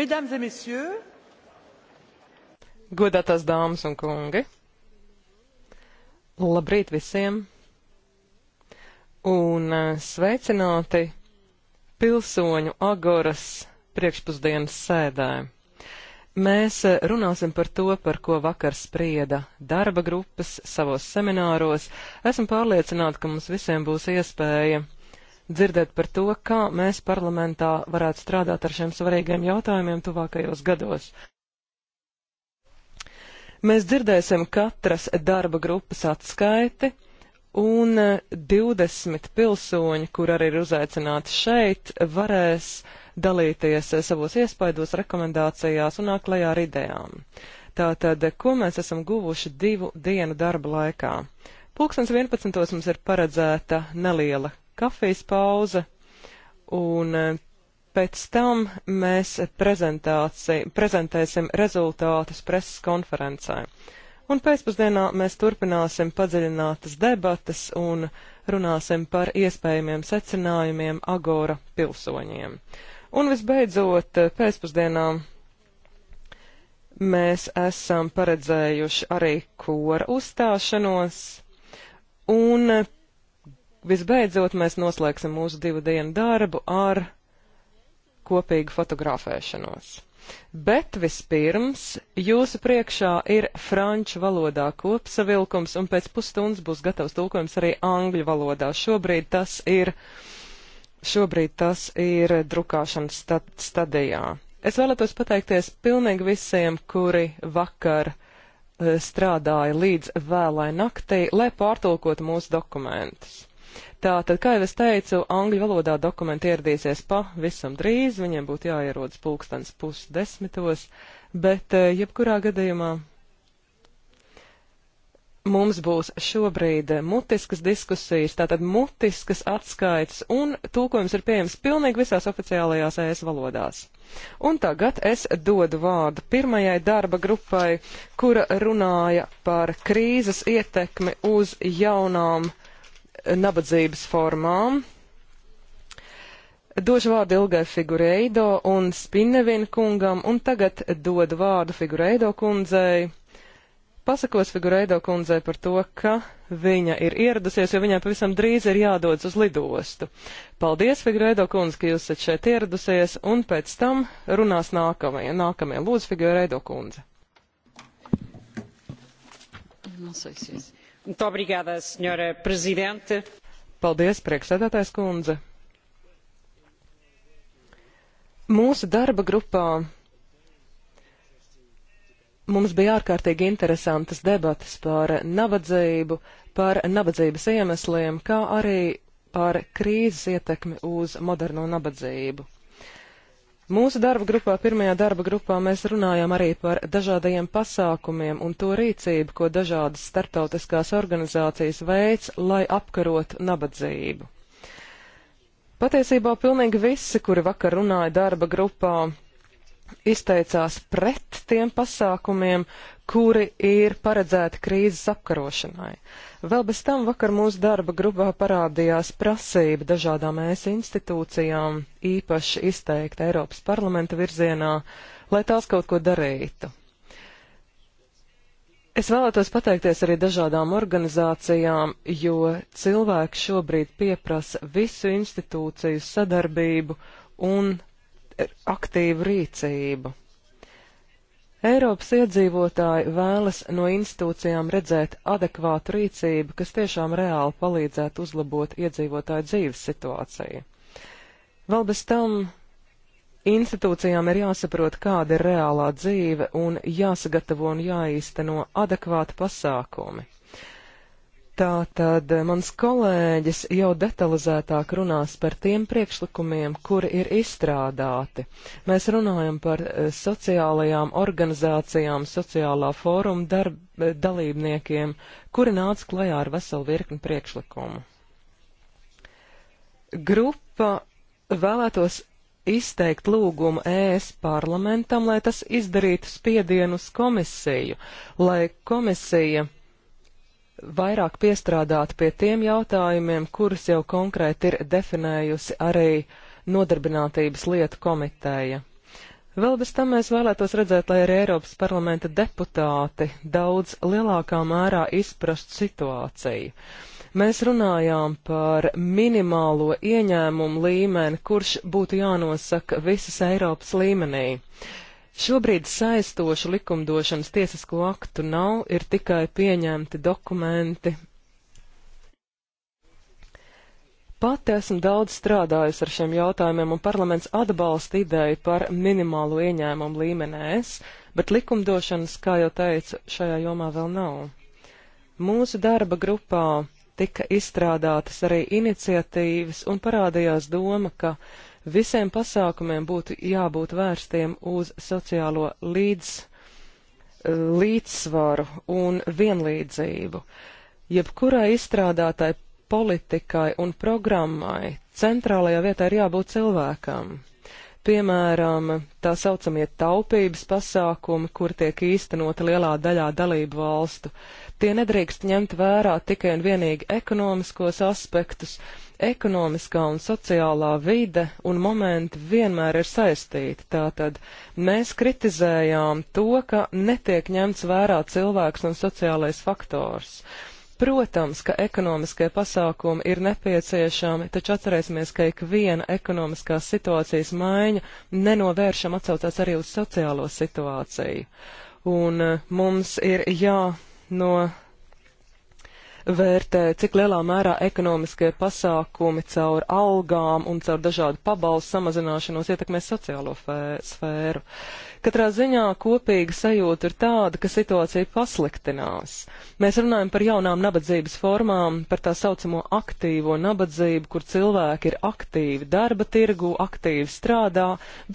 Mesdames et messieurs, godātās dāmas un kungi, labrīt visiem un eh, sveicināti pilsoņu agoras priekšpusdienas sēdē. Mēs eh, runāsim par to, par ko vakar sprieda darba grupas savos semināros. Esmu pārliecināta, ka mums visiem būs iespēja dzirdēt par to, kā mēs parlamentā varētu strādāt ar šiem svarīgiem jautājumiem tuvākajos gados. Mēs dzirdēsim katras darba grupas atskaiti, un 20 eh, pilsoņi, kur arī ir uzaicināti šeit, varēs dalīties eh, savos iespaidos, rekomendācijās un nāk lejā ar idejām. Tātad, eh, ko mēs esam guvuši divu dienu darba laikā? Pūkstens 11. mums ir paredzēta neliela kafijas pauze, un pēc tam mēs prezentēsim rezultātus preses konferencē. Un pēcpusdienā mēs turpināsim padziļinātas debatas un runāsim par iespējamiem secinājumiem Agora pilsoņiem. Un visbeidzot, pēcpusdienā mēs esam paredzējuši arī kora uzstāšanos. Un visbeidzot, mēs noslēgsim mūsu divu dienu darbu ar kopīgu fotografēšanos. Bet vispirms jūsu priekšā ir franču valodā kopsavilkums, un pēc pusstundas būs gatavs tulkojums arī angļu valodā. Šobrīd tas ir, šobrīd tas ir drukāšanas stad stadijā. Es vēlētos pateikties pilnīgi visiem, kuri vakar eh, strādāja līdz vēlai naktī, lai pārtulkotu mūsu dokumentus. Tātad, kā jau es teicu, angļu valodā dokumenti ieradīsies pavisam drīz, viņiem būtu jāierodas pulkstens pusdesmitos, bet eh, jebkurā gadījumā mums būs šobrīd eh, mutiskas diskusijas, tātad mutiskas atskaites, un tūkojums ir pieejams pilnīgi visās oficiālajās ES valodās. Un tagad es dodu vārdu pirmajai darba grupai, kura runāja par krīzes ietekmi uz jaunām uh, nabadzības formām. Došu vārdu Ilgai Figureido un Spinevina kungam, un tagad dodu vārdu Figureido kundzei. Pasakos Figureido kundzei par to, ka viņa ir ieradusies, jo viņai pavisam drīz ir jādodas uz lidostu. Paldies, Figureido kundze, ka jūs esat šeit ieradusies, un pēc tam runās nākamie. nākamie. Lūdzu, Figureido kundze. Non so, Obrigada, senhora prezidente. Paldies, priekšsēdētājs kundze. Mūsu darba grupā mums bija ārkārtīgi interesantas debatas par nabadzību, par nabadzības iemesliem, kā arī par krīzes ietekmi uz moderno nabadzību. Mūsu darba grupā, pirmajā darba grupā, mēs runājām arī par dažādajiem pasākumiem un to rīcību, ko dažādas startautiskās organizācijas veids, lai apkarot nabadzību. Patiesībā pilnīgi visi, kuri vakar runāja darba grupā, izteicās pret tiem pasākumiem, kuri ir paredzēti krīzes apkarošanai. Vēl bez tam vakar mūsu darba grupā parādījās prasība dažādām ES institūcijām, īpaši izteikti Eiropas parlamenta virzienā, lai tās kaut ko darītu. Es vēlētos pateikties arī dažādām organizācijām, jo cilvēki šobrīd pieprasa visu institūciju sadarbību un aktīvu rīcību. Eiropas iedzīvotāji vēlas no institūcijām redzēt adekvātu rīcību, kas tiešām reāli palīdzētu uzlabot iedzīvotāju dzīves situāciju. Vēl bez tam institūcijām ir jāsaprot, kāda ir reālā dzīve un jāsagatavo un jāīsteno adekvāti pasākumi. Tātad eh, mans kolēģis jau detalizētāk runās par tiem priekšlikumiem, kuri ir izstrādāti. Mēs runājam par eh, sociālajām organizācijām, sociālā fóruma darb, eh, dalībniekiem, kuri nāca klajā ar veselu virkni priekšlikumu. Grupa vēlētos izteikt lūgumu ES parlamentam, lai tas izdarītu spiedienu uz komisiju, lai komisija vairāk piestrādāt pie tiem jautājumiem, kurus jau konkrēti ir definējusi arī nodarbinātības lietu komiteja. Vēl bez tam mēs vēlētos redzēt, lai arī Eiropas parlamenta deputāti daudz lielākā mērā izprastu situāciju. Mēs runājām par minimālo ieņēmumu līmeni, kurš būtu jānosaka visas Eiropas līmenī. Šobrīd saistošu likumdošanas tiesisko aktu nav, ir tikai pieņemti dokumenti. Pati esmu daudz strādājusi ar šiem jautājumiem, un parlaments atbalsta ideju par minimālo ieņēmumu līmenēs, bet likumdošanas, kā jau teicu, šajā jomā vēl nav. Mūsu darba grupā tika izstrādātas arī iniciatīvas un parādījās doma, ka Visiem pasākumiem būtu jābūt vērstiem uz sociālo līdz, eh, līdzsvaru un vienlīdzību. Jebkurai izstrādātai politikai un programmai centrālajā vietā ir jābūt cilvēkam. Piemēram, tā saucamie taupības pasākumi, kur tiek īstenoti lielā daļā dalību valstu, tie nedrīkst ņemt vērā tikai un vienīgi ekonomiskos aspektus, ekonomiskā un sociālā vide un momenti vienmēr ir saistīti. Tātad mēs kritizējām to, ka netiek ņemts vērā cilvēks un sociālais faktors. Protams, ka ekonomiskie pasākumi ir nepieciešami, taču atcerēsimies, ka ikviena ekonomiskās situācijas maiņa nenovēršam atsaucās arī uz sociālo situāciju. Un eh, mums ir jā no vērtē, cik lielā mērā ekonomiskie pasākumi caur algām un caur dažādu pabalstu samazināšanos ietekmēs sociālo fē, sfēru. Katrā ziņā kopīga sajūta ir tāda, ka situācija pasliktinās. Mēs runājam par jaunām nabadzības formām, par tā saucamo aktīvo nabadzību, kur cilvēki ir aktīvi darba tirgu, aktīvi strādā,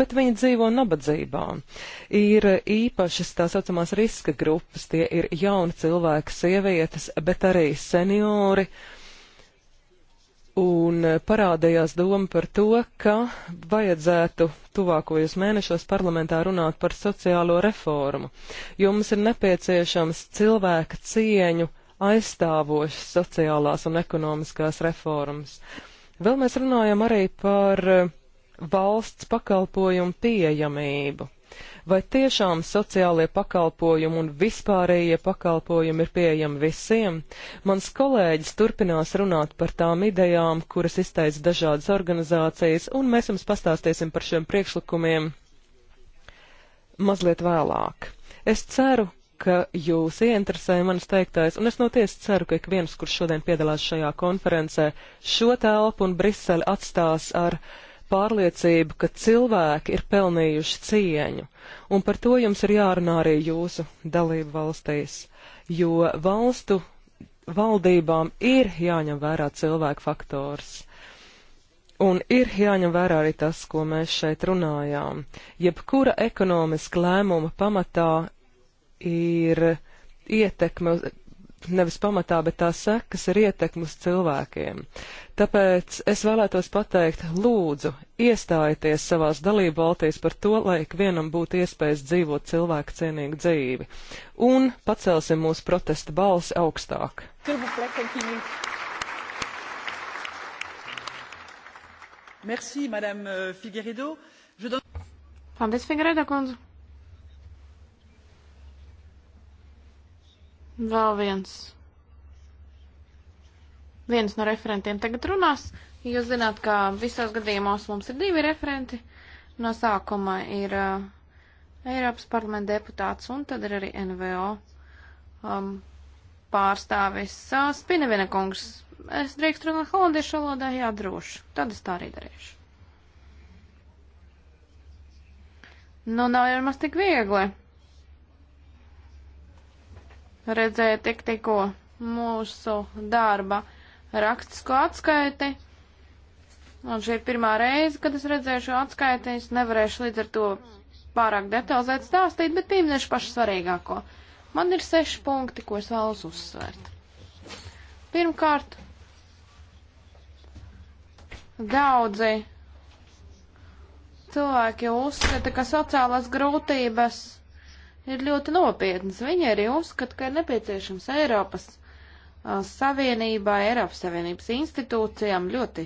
bet viņi dzīvo nabadzībā. Ir īpašas tā saucamās riska grupas, tie ir jauni cilvēki, sievietes, bet arī seniori. Uh, un eh, parādījās doma par to, ka vajadzētu tuvākojos mēnešos parlamentā runāt par sociālo reformu, jo mums ir nepieciešams cilvēka cieņu aizstāvošas sociālās un ekonomiskās reformas. Vēl mēs runājam arī par eh, valsts pakalpojumu pieejamību. Vai tiešām sociālie pakalpojumi un vispārējie pakalpojumi ir pieejami visiem? Mans kolēģis turpinās runāt par tām idejām, kuras izteica dažādas organizācijas, un mēs jums pastāstīsim par šiem priekšlikumiem mazliet vēlāk. Es ceru, ka jūs ieinteresēja manas teiktais, un es no tiesas ceru, ka ik viens, kurš šodien piedalās šajā konferencē, šo telpu un Briseli atstās ar uh, pārliecību, ka cilvēki ir pelnījuši cieņu, un par to jums ir jārunā arī jūsu dalību valstīs, jo valstu valdībām ir jāņem vērā cilvēku faktors. Un ir jāņem vērā arī tas, ko mēs šeit runājām. Jebkura ekonomiska lēmuma pamatā ir ietekme uz nevis pamatā, bet tā sekas ir ietekmas cilvēkiem. Tāpēc es vēlētos pateikt, lūdzu, iestājieties savās dalību valstīs par to, lai ikvienam būtu iespējas dzīvot cilvēku cienīgu dzīvi. Un pacelsim mūsu protesta balsi augstāk. Merci, Madame euh, Figueredo. Paldies, Figueredo kundze. Vēl viens. Viens no referentiem tagad runās. Jūs zināt, ka visos gadījumos mums ir divi referenti. No sākuma ir uh, Eiropas parlamenta deputāts un tad ir arī NVO um, pārstāvis uh, Spinevina kungs. Es drīkstu runāt holandiešu valodā, jā, droši. Tad es tā arī darīšu. Nu, nav jau maz tik viegli redzēja tik tikko mūsu darba rakstisko atskaiti. Un šī ir pirmā reize, kad es redzēju šo atskaiti. Es nevarēšu līdz ar to pārāk detalizēt stāstīt, bet pieminēšu pašu svarīgāko. Man ir seši punkti, ko es vēlos uzsvērt. Pirmkārt, daudzi cilvēki uzskata, ka sociālās grūtības ir ļoti nopietnas. Viņi arī uzskata, ka ir nepieciešams Eiropas Savienībā, Eiropas Savienības institūcijām ļoti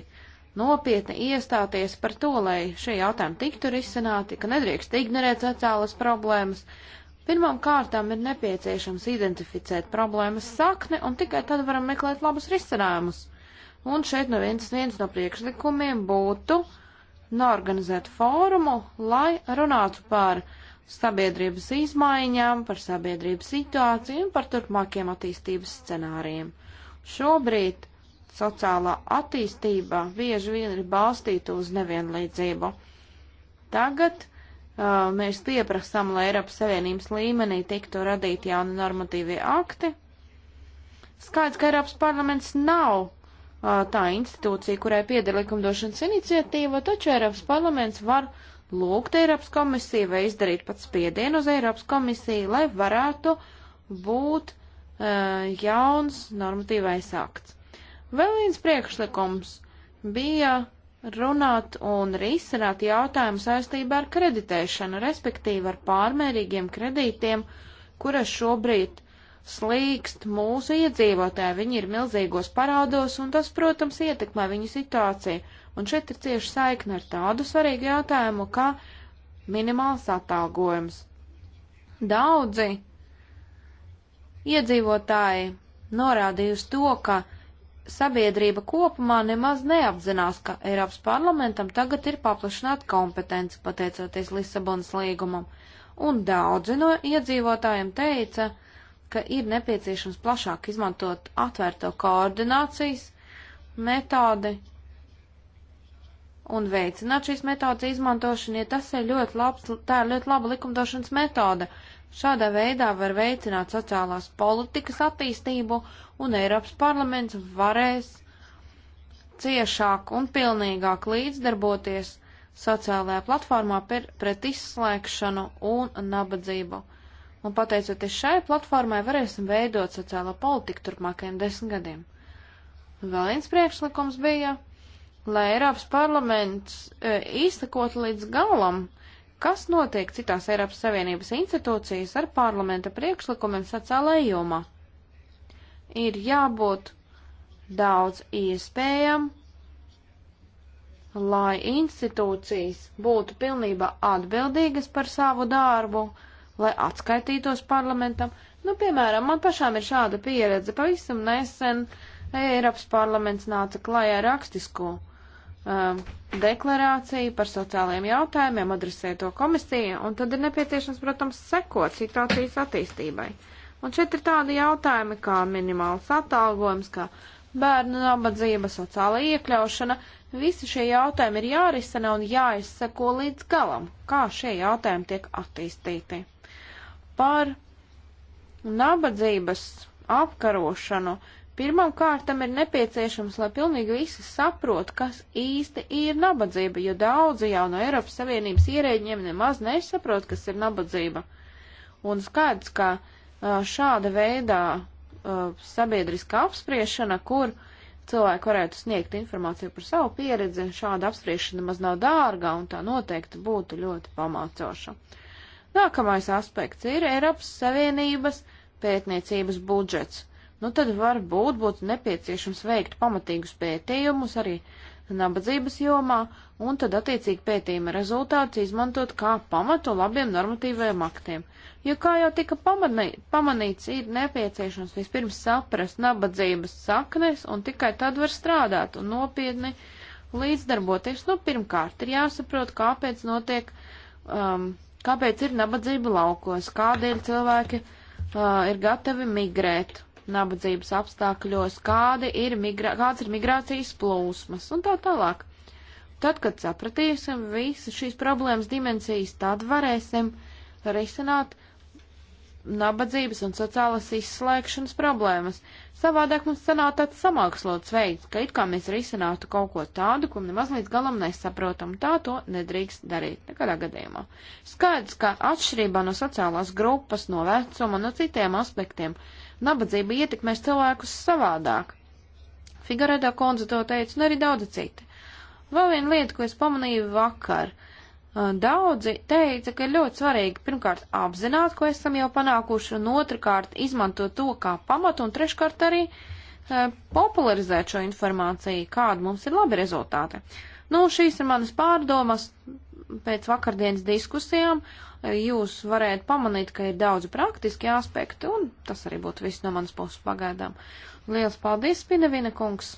nopietni iestāties par to, lai šie jautājumi tiktu risināti, ka nedrīkst ignorēt sociālas problēmas. Pirmām kārtām ir nepieciešams identificēt problēmas sakni, un tikai tad varam meklēt labus risinājumus. Un šeit no nu viens, viens no priekšlikumiem būtu norganizēt fórumu, lai runātu par uh, sabiedrības izmaiņām, par sabiedrības situāciju un par turpmākiem attīstības scenāriem. Šobrīd sociālā attīstība bieži vien ir balstīta uz nevienlīdzību. Tagad uh, mēs pieprasām, lai Eiropas Savienības līmenī tiktu radīti jauni normatīvie akti. Skaidrs, ka Eiropas parlaments nav uh, tā institūcija, kurai pieder likumdošanas iniciatīva, taču Eiropas parlaments var uh, lūgt Eiropas komisiju vai izdarīt pat spiedienu uz Eiropas komisiju, lai varētu būt uh, jauns normatīvais akts. Vēl viens priekšlikums bija runāt un risināt jautājumu saistībā ar kreditēšanu, respektīvi ar pārmērīgiem kredītiem, kuras šobrīd slīkst mūsu iedzīvotāji. Viņi ir milzīgos parādos, un tas, protams, ietekmē viņu situāciju. Un šeit ir cieši saikne ar tādu svarīgu jautājumu, kā minimāls atalgojums. Daudzi iedzīvotāji norādījusi to, ka sabiedrība kopumā nemaz neapzinās, ka Eiropas parlamentam tagad ir paplašināta kompetence pateicoties Lisabonas līgumam, un daudzi no iedzīvotājiem teica, ka ir nepieciešams plašāk izmantot atvērto koordinācijas metodi un veicināt šīs metodas izmantošanu, ja tas ir ļoti labs, tā ir ļoti laba likumdošanas metode. Šādā veidā var veicināt sociālās politikas attīstību, un Eiropas parlaments varēs ciešāk un pilnīgāk līdzdarboties sociālajā platformā per, pret izslēgšanu un nabadzību. Un pateicoties šai platformai, varēsim veidot sociālo politiku turpmākajiem desmit gadiem. Vēl viens priekšlikums bija lai Eiropas parlaments e, izsakot līdz galam, kas notiek citās Eiropas Savienības institūcijas ar parlamenta priekšlikumiem sociālajā jomā. Ir jābūt daudz iespējam, lai institūcijas būtu pilnībā atbildīgas par savu darbu, lai atskaitītos parlamentam. Nu, piemēram, man pašām ir šāda pieredze. Pavisam nesen Eiropas parlaments nāca klajā rakstisko uh, um, deklarāciju par sociālajiem jautājumiem, adresē to komisiju, un tad ir nepieciešams, protams, sekot situācijas attīstībai. Un šeit ir tādi jautājumi kā minimāls atalgojums, kā bērnu nabadzība, sociāla iekļaušana. Visi šie jautājumi ir jārisina un jāizseko līdz galam, kā šie jautājumi tiek attīstīti. Par nabadzības apkarošanu uh, Pirmam kārtam ir nepieciešams, lai pilnīgi visi saprot, kas īsti ir nabadzība, jo daudzi jau no Eiropas Savienības ierēģiem nemaz nesaprot, kas ir nabadzība. Un skaidrs, ka šāda veidā sabiedriska apspriešana, kur cilvēki varētu sniegt informāciju par savu pieredzi, šāda apspriešana maz nav dārga un tā noteikti būtu ļoti pamācoša. Nākamais aspekts ir Eiropas Savienības pētniecības budžets nu tad varbūt būtu nepieciešams veikt pamatīgus pētījumus arī nabadzības jomā, un tad attiecīgi pētījuma rezultāts izmantot kā pamatu labiem normatīvajiem aktiem. Jo, kā jau tika pamanī, pamanīts, ir nepieciešams vispirms saprast nabadzības saknes, un tikai tad var strādāt un nopietni līdzdarboties. Nu, pirmkārt, ir jāsaprot, kāpēc notiek, um, kāpēc ir nabadzība laukos, kādēļ cilvēki uh, ir gatavi migrēt, nabadzības apstākļos, kādi ir migra kāds ir migrācijas plūsmas un tā tālāk. Tad, kad sapratīsim visu šīs problēmas dimensijas, tad varēsim risināt nabadzības un sociālas izslēgšanas problēmas. Savādāk mums sanāk tāds samākslots veids, ka it kā mēs risinātu kaut ko tādu, ko nemaz līdz galam nesaprotam. Tā to nedrīkst darīt nekādā gadījumā. Skaidrs, ka atšķirībā no sociālās grupas, no vecuma, no citiem aspektiem, Nabadzība ietekmēs cilvēkus savādāk. Figaredo kundze to teica, un arī daudzi citi. Vēl viena lieta, ko es pamanīju vakar. Uh, daudzi teica, ka ir ļoti svarīgi pirmkārt apzināt, ko esam jau panākuši, un otrkārt izmantot to kā pamatu, un treškārt arī e, popularizēt šo informāciju, kāda mums ir labi rezultāti. Nu, šīs ir manas pārdomas, pēc vakardienas diskusijām jūs varētu pamanīt, ka ir daudz praktiski aspekti, un tas arī būtu viss no manas puses pagaidām. Liels paldies, Spinevina kungs!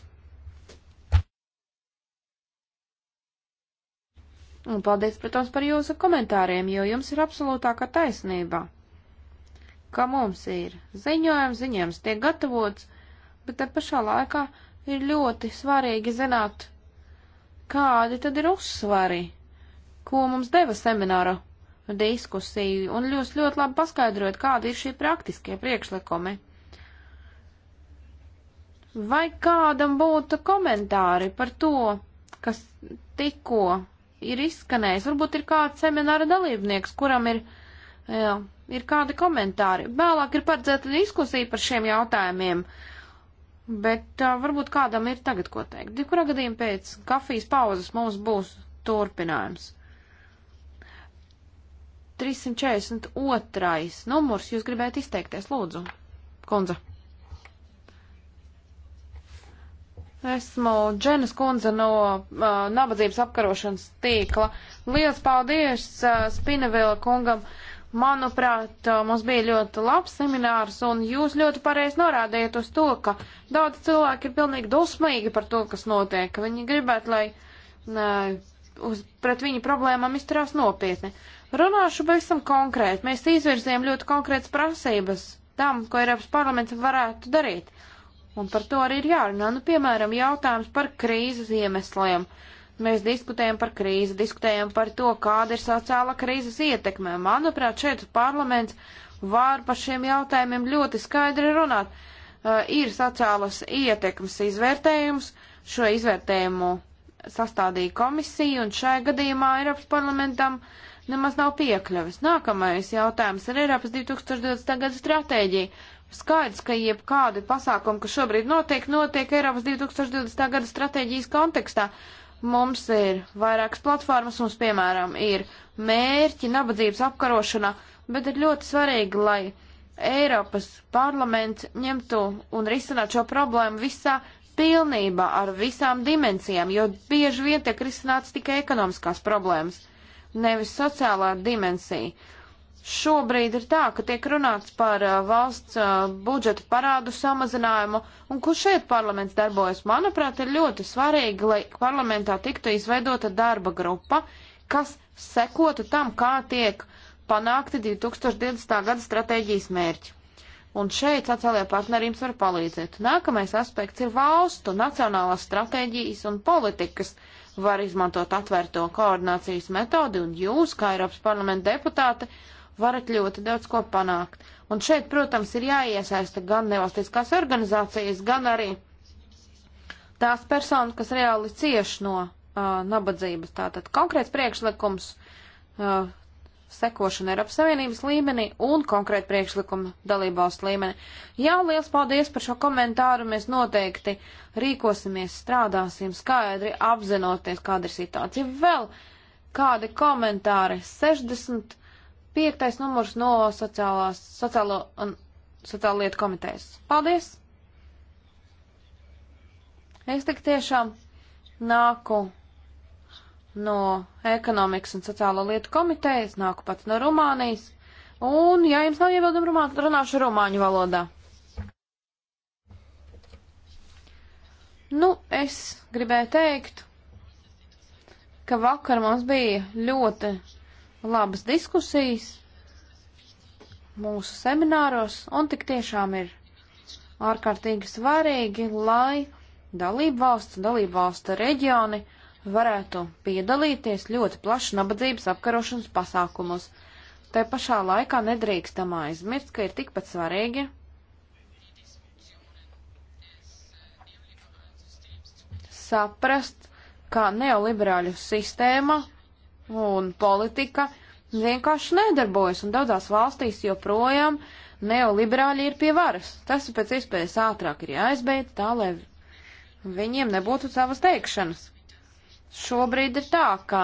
Un paldies, protams, par jūsu komentāriem, jo jums ir absolūtākā taisnība, ka mums ir ziņojums, ziņojums tiek gatavots, bet te pašā laikā ir ļoti svarīgi zināt, kādi tad ir uzsvari ko mums deva semināra diskusija, un jūs ļoti labi paskaidrojat, kādi ir šie praktiskie priekšlikumi. Vai kādam būtu komentāri par to, kas tikko ir izskanējis? Varbūt ir kāds semināra dalībnieks, kuram ir, jā, ir kādi komentāri. Vēlāk ir paredzēta diskusija par šiem jautājumiem. Bet uh, varbūt kādam ir tagad ko teikt. Jebkurā gadījumā pēc kafijas pauzes mums būs turpinājums. 342. numurs. Jūs gribētu izteikties, lūdzu, kundze. Esmu Dženas kundze no uh, nabadzības apkarošanas tīkla. Lielas paldies uh, Spinevila kungam. Manuprāt, uh, mums bija ļoti labs seminārs, un jūs ļoti pareizi norādījat uz to, ka daudz cilvēki ir pilnīgi dusmīgi par to, kas notiek. Viņi gribētu, lai uh, uz, pret viņu problēmām izturās nopietni. Uh, Runāšu pavisam konkrēti. Mēs izvirzījām ļoti konkrētas prasības tam, ko Eiropas parlaments varētu darīt. Un par to arī ir jārunā. Nu, piemēram, jautājums par krīzes iemesliem. Mēs diskutējam par krīzi, diskutējam par to, kāda ir sociāla krīzes ietekme. Manuprāt, šeit parlaments var par šiem jautājumiem ļoti skaidri runāt. Uh, ir sociālas ietekmes izvērtējums, šo izvērtējumu sastādīja komisija, un šajā gadījumā Eiropas parlamentam uh, nemaz nav piekļuvis. Nākamais jautājums ir Eiropas 2020. gada stratēģija. Skaidrs, ka jebkādi pasākumi, kas šobrīd notiek, notiek Eiropas 2020. gada stratēģijas kontekstā. Mums ir vairākas platformas, mums piemēram ir mērķi nabadzības apkarošanā, bet ir ļoti svarīgi, lai Eiropas parlaments ņemtu un risinātu šo problēmu visā pilnībā ar visām dimensijām, jo bieži vien tiek risināts tikai ekonomiskās problēmas nevis sociālā dimensija. Šobrīd ir tā, ka tiek runāts par uh, valsts uh, budžeta parādu samazinājumu, un kur šeit parlaments darbojas, manuprāt, ir ļoti svarīgi, lai parlamentā tiktu izveidota darba grupa, kas sekotu tam, kā tiek panākti 2020. gada stratēģijas mērķi. Un šeit sociālajā partneri jums var palīdzēt. Nākamais aspekts ir valstu, nacionālās stratēģijas un politikas. Uh, var izmantot atvērto koordinācijas metodi, un jūs, kā Eiropas parlamenta deputāte, varat ļoti daudz ko panākt. Un šeit, protams, ir jāiesaista gan nevalstiskās organizācijas, gan arī tās personas, kas reāli cieš no uh, nabadzības. Tātad konkrēts priekšlikums uh, sekošana Eiropas Savienības līmenī un konkrēti priekšlikuma dalībvalstu līmenī. Jā, liels paldies par šo komentāru. Mēs noteikti rīkosimies, strādāsim skaidri, apzinoties, kāda ir situācija. Vēl kādi komentāri? 65. numurs no sociālās, sociālo un sociālo lietu komitejas. Paldies! Es tik tiešām nāku no ekonomikas un sociālo lietu komitejas, nāku pats no Rumānijas, un, ja jums nav iebildumi rumāni, tad runāšu rumāņu valodā. Nu, es gribēju teikt, ka vakar mums bija ļoti labas diskusijas mūsu semināros, un tik tiešām ir ārkārtīgi svarīgi, lai dalību valsts un dalību valsta reģioni varētu piedalīties ļoti plaši nabadzības apkarošanas pasākumos. Tai pašā laikā nedrīkstam aizmirst, ka ir tikpat svarīgi saprast, ka neoliberāļu sistēma un politika vienkārši nedarbojas, un daudzās valstīs joprojām neoliberāļi ir pie varas. Tas pēc iespējas ātrāk ir jāizbeidz tā, lai viņiem nebūtu savas teikšanas šobrīd ir tā, ka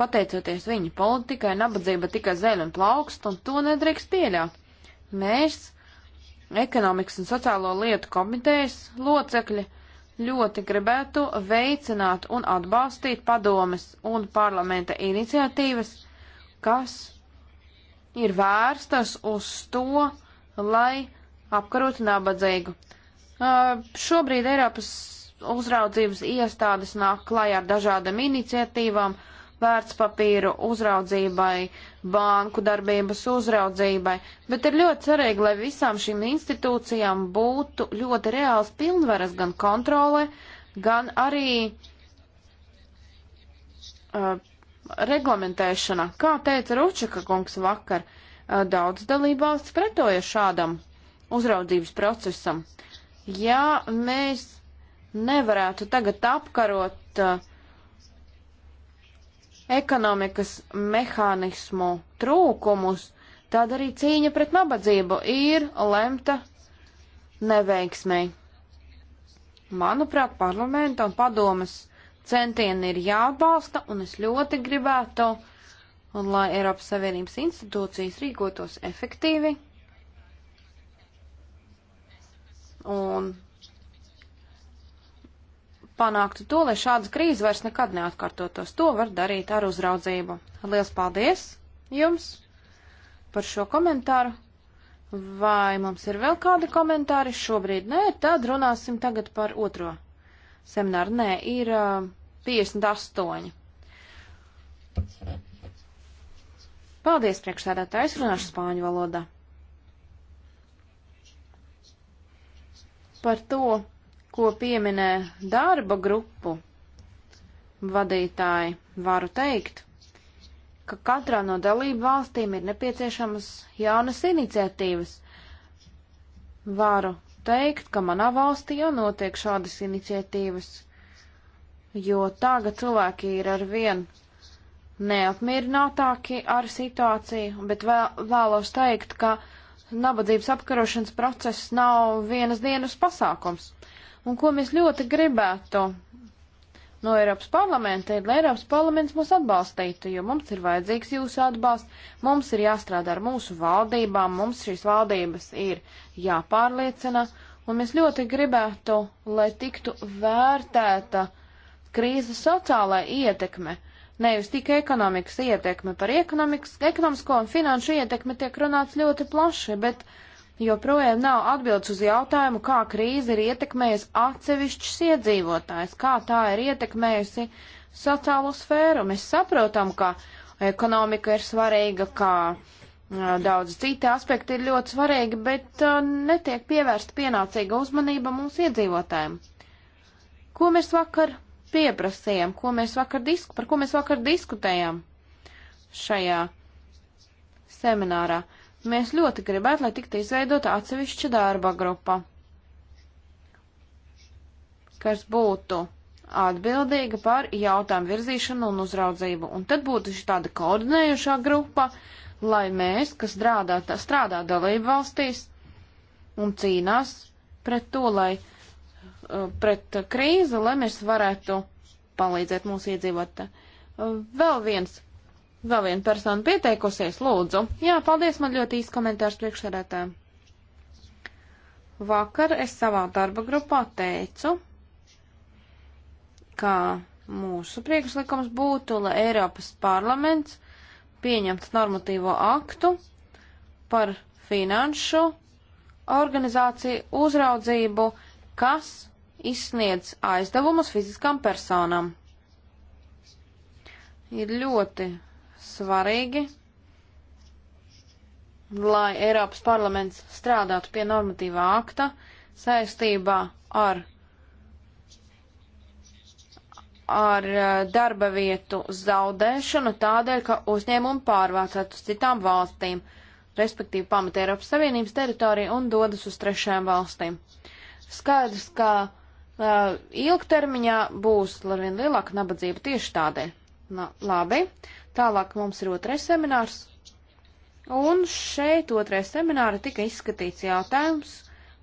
pateicoties viņa politikai, nabadzība tikai zeļ un plaukst, un to nedrīkst pieļaut. Mēs, ekonomikas un sociālo lietu komitejas locekļi, ļoti gribētu veicināt un atbalstīt padomes un parlamenta iniciatīvas, kas ir vērstas uz to, lai apkarotu nabadzīgu. Uh, šobrīd Eiropas uzraudzības iestādes nāk klajā ar dažādām iniciatīvām, vērtspapīru uzraudzībai, banku darbības uzraudzībai, bet ir ļoti cerīgi, lai visām šīm institūcijām būtu ļoti reāls pilnvaras gan kontrole, gan arī uh, reglamentēšana. Kā teica Ručaka kungs vakar, uh, daudz dalībvalsts pretoja šādam uzraudzības procesam. Ja mēs nevarētu tagad apkarot uh, ekonomikas mehānismu trūkumus, tad arī cīņa pret nabadzību ir lemta neveiksmei. Manuprāt, parlamenta un padomas centieni ir jāatbalsta, un es ļoti gribētu, un lai Eiropas Savienības institūcijas rīkotos efektīvi. Un panāktu to, lai šādas krīzes vairs nekad neatkārtotos. To var darīt ar uzraudzību. Lielas paldies jums par šo komentāru. Vai mums ir vēl kādi komentāri? Šobrīd nē, tad runāsim tagad par otro semināru. Nē, ir uh, 58. Paldies, priekšsēdētājs, runāšu spāņu valodā. Par to, ko pieminē darba grupu vadītāji, varu teikt, ka katrā no dalību valstīm ir nepieciešamas jaunas iniciatīvas. Varu teikt, ka manā valstī jau notiek šādas iniciatīvas, jo tagad cilvēki ir ar vien neapmierinātāki ar situāciju, bet vēl, vēlos teikt, ka nabadzības apkarošanas process nav vienas dienas pasākums. Un ko mēs ļoti gribētu no Eiropas parlamenta, ir, lai Eiropas parlaments mūs atbalstītu, jo mums ir vajadzīgs jūsu atbalsts, mums ir jāstrādā ar mūsu valdībām, mums šīs valdības ir jāpārliecina, un mēs ļoti gribētu, lai tiktu vērtēta krīzes sociālā ietekme, nevis tikai ekonomikas ietekme. Par ekonomisko un finanšu ietekmi tiek runāts ļoti plaši, bet joprojām nav atbildes uz jautājumu, kā krīze ir ietekmējusi atsevišķus iedzīvotājus, kā tā ir ietekmējusi sociālo sfēru. Mēs saprotam, ka ekonomika ir svarīga, ka daudz citi aspekti ir ļoti svarīgi, bet netiek pievērsta pienācīga uzmanība mūsu iedzīvotājiem. Ko mēs vakar pieprasījām, ko mēs vakar disku, par ko mēs vakar diskutējām šajā seminārā? Uh, Mēs ļoti gribētu, lai tiktu izveidota atsevišķa darba grupa, kas būtu atbildīga par jautājumu virzīšanu un uzraudzību. Un tad būtu šī tāda koordinējušā grupa, lai mēs, kas strādā, strādā dalību valstīs un cīnās pret to, lai uh, pret krīzi, lai mēs varētu palīdzēt mūsu iedzīvotājiem. Uh, vēl viens Vēl viena persona pieteikusies, lūdzu. Jā, paldies, man ļoti īsts komentārs priekšsarētā. Vakar es savā darba grupā teicu, ka mūsu priekšlikums būtu, lai Eiropas parlaments pieņemtu normatīvo aktu par finanšu organizāciju uzraudzību, kas izsniedz aizdevumus fiziskām personām. Ir ļoti svarīgi, lai Eiropas parlaments strādātu pie normatīvā akta saistībā ar, ar eh, darba vietu zaudēšanu tādēļ, ka uzņēmumi pārvācās uz citām valstīm, respektīvi pamata Eiropas Savienības teritoriju un dodas uz trešajām valstīm. Skaidrs, ka uh, ilgtermiņā būs arvien lielāka nabadzība tieši tādēļ. Na, labi, Tālāk mums ir otrais seminārs. Un šeit otrajā seminārā tika izskatīts jautājums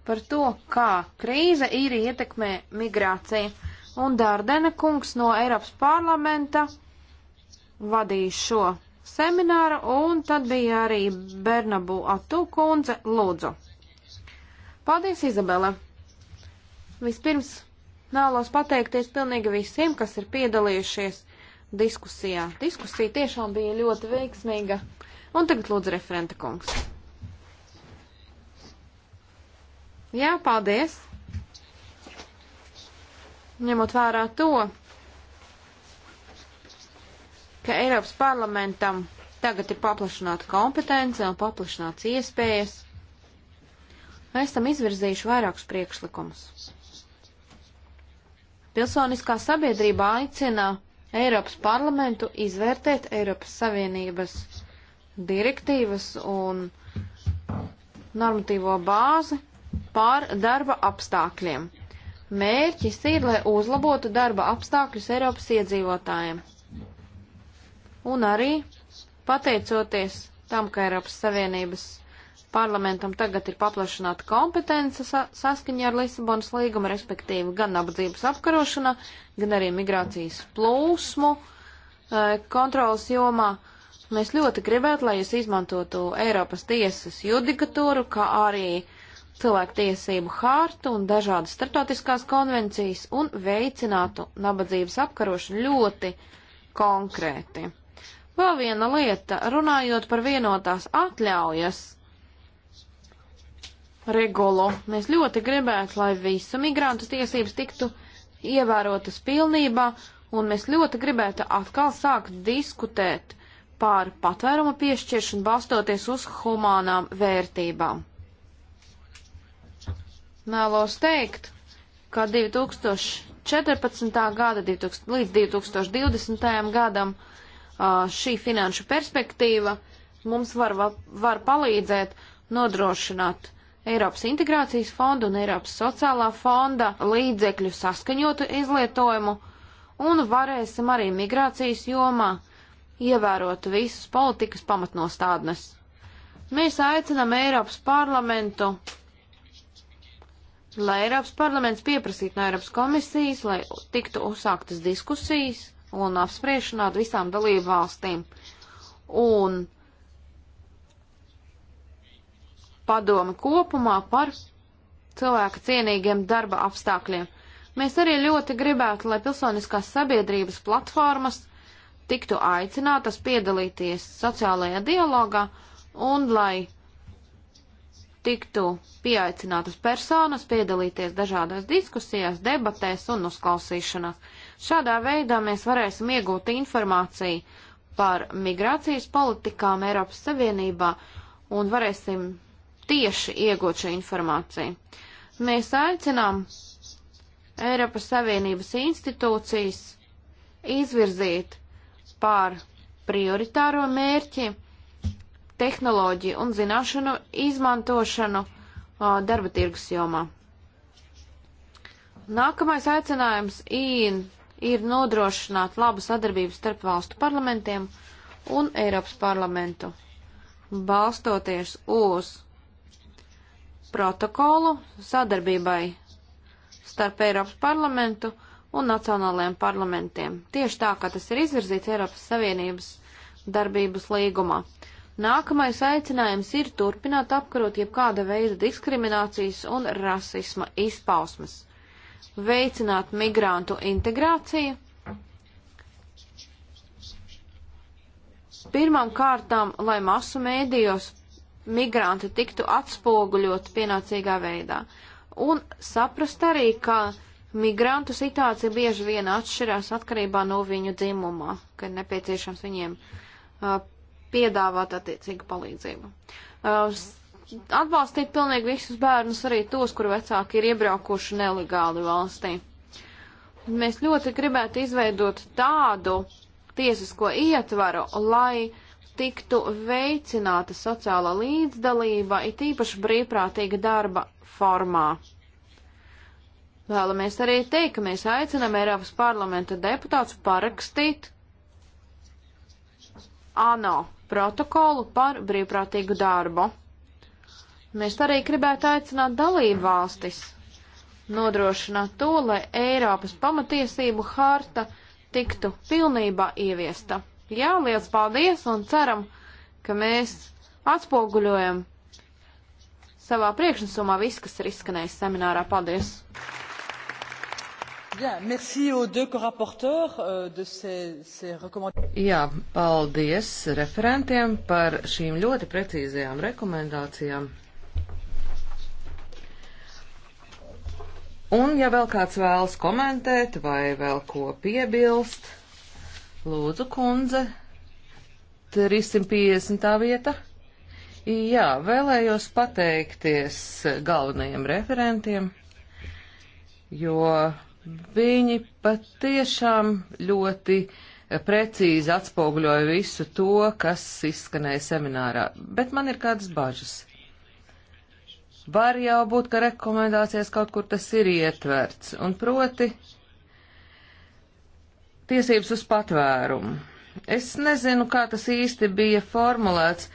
par to, kā krīze ir ietekmē migrāciju. Un Dārdena kungs no Eiropas parlamenta vadīja šo semināru, un tad bija arī Bernabu Atu kundze Lūdzu. Paldies, Izabela! Vispirms vēlos pateikties pilnīgi visiem, kas ir piedalījušies diskusijā. Diskusija tiešām bija ļoti veiksmīga. Un tagad lūdzu referenta kungs. Jā, paldies. Ņemot vērā to, ka Eiropas parlamentam tagad ir paplašināta kompetence un paplašināts iespējas, mēs tam izvirzījuši vairākus priekšlikumus. Pilsoniskā sabiedrība aicina Eiropas parlamentu izvērtēt Eiropas Savienības direktīvas un normatīvo bāzi pār darba apstākļiem. Mērķis ir, lai uzlabotu darba apstākļus Eiropas iedzīvotājiem. Un arī pateicoties tam, ka Eiropas Savienības parlamentam tagad ir paplašināta kompetence sa saskaņā ar Lisabonas līgumu, respektīvi gan nabadzības apkarošana, gan arī migrācijas plūsmu e, kontrolas jomā. Mēs ļoti gribētu, lai jūs izmantotu Eiropas tiesas judikatūru, kā arī cilvēktiesību hārtu un dažādas startautiskās konvencijas un veicinātu nabadzības apkarošanu ļoti konkrēti. Vēl viena lieta, runājot par vienotās atļaujas regulu. Mēs ļoti gribētu, lai visu migrantu tiesības tiktu ievērotas pilnībā, un mēs ļoti gribētu atkal sākt diskutēt par patvērumu piešķiršanu balstoties uz humānām vērtībām. Mēlos teikt, ka 2014. gada 2000, līdz 2020. gadam šī finanšu perspektīva mums var, var palīdzēt nodrošināt Eiropas integrācijas fonda un Eiropas sociālā fonda līdzekļu saskaņotu izlietojumu un varēsim arī migrācijas jomā ievērot visus politikas pamatnostādnes. Mēs aicinam Eiropas parlamentu lai Eiropas parlaments pieprasītu no Eiropas komisijas, lai tiktu uzsāktas diskusijas un apspriešanāt visām dalību valstīm. Un padomi kopumā par cilvēka cienīgiem darba apstākļiem. Mēs arī ļoti gribētu, lai pilsoniskās sabiedrības platformas tiktu aicinātas piedalīties sociālajā dialogā un lai tiktu pieaicinātas personas piedalīties dažādās diskusijās, debatēs un uzklausīšanās. Šādā veidā mēs varēsim iegūt informāciju par migrācijas politikām Eiropas Savienībā un varēsim tieši iegūt šo informāciju. Mēs aicinām Eiropas Savienības institūcijas izvirzīt pār prioritāro mērķi tehnoloģiju un zināšanu izmantošanu darba tirgus jomā. Nākamais aicinājums ir, ir nodrošināt labu sadarbību starp valstu parlamentiem un Eiropas parlamentu, balstoties uz protokolu sadarbībai starp Eiropas parlamentu un nacionālajiem parlamentiem. Tieši tā, kā tas ir izvirzīts Eiropas Savienības darbības līgumā. Nākamais aicinājums ir turpināt apkarot jebkāda veida diskriminācijas un rasisma izpausmes, veicināt migrantu integrāciju, pirmām kārtām, lai masu mēdījos migranti tiktu atspoguļoti pienācīgā veidā. Un saprast arī, ka migrantu situācija bieži vien atšķirās atkarībā no viņu dzimumā, ka ir nepieciešams viņiem uh, piedāvāt attiecīgu palīdzību. Uh, atbalstīt pilnīgi visus bērnus, arī tos, kur vecāki ir iebraukuši nelegāli valstī. Mēs ļoti gribētu izveidot tādu tiesisko ietvaru, lai uh, tiktu veicināta sociālā līdzdalība, it īpaši brīvprātīga darba formā. Vēlamies arī teikt, ka mēs aicinām Eiropas parlamenta deputātus parakstīt ANO protokolu par brīvprātīgu darbu. Mēs arī gribētu aicināt dalību valstis nodrošināt to, lai Eiropas pamatiesību harta tiktu pilnībā ieviesta. Jā, liels paldies un ceram, ka mēs atspoguļojam savā priekšnesumā viss, kas ir izskanējis seminārā. Paldies! Euh, Jā, paldies referentiem par šīm ļoti precīzajām rekomendācijām. Un, ja vēl kāds vēlas komentēt vai vēl ko piebilst, Lūdzu, kundze, 350. vieta. Jā, vēlējos pateikties galvenajiem referentiem, jo viņi patiešām ļoti precīzi atspoguļoja visu to, kas izskanēja seminārā. Bet man ir kādas bažas. Var jau būt, ka rekomendācijās kaut kur tas ir ietverts, un proti tiesības uz patvērumu. Es nezinu, kā tas īsti bija formulēts,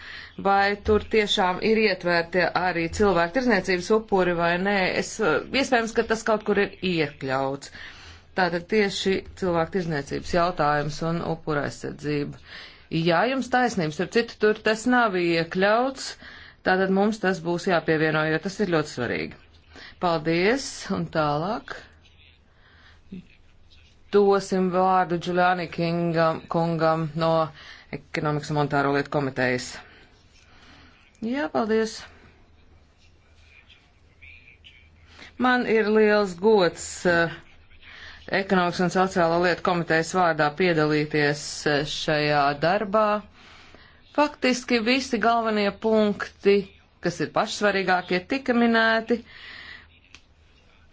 vai tur tiešām ir ietvērti arī cilvēku tirzniecības upuri vai nē. Es, eh, iespējams, ka tas kaut kur ir iekļauts. Tātad tieši cilvēku tirzniecības jautājums un upura aizsardzība. Jā, jums taisnības, ar citu tur tas nav iekļauts, tātad mums tas būs jāpievieno, jo tas ir ļoti svarīgi. Paldies un tālāk dosim vārdu Giuliani Kingam, kungam no Ekonomikas un Monetāro lietu komitejas. Jā, paldies. Man ir liels gods uh, Ekonomikas un sociālo lietu komitejas vārdā piedalīties eh, šajā darbā. Faktiski visi galvenie punkti, kas ir pašsvarīgākie, tika minēti. Uh,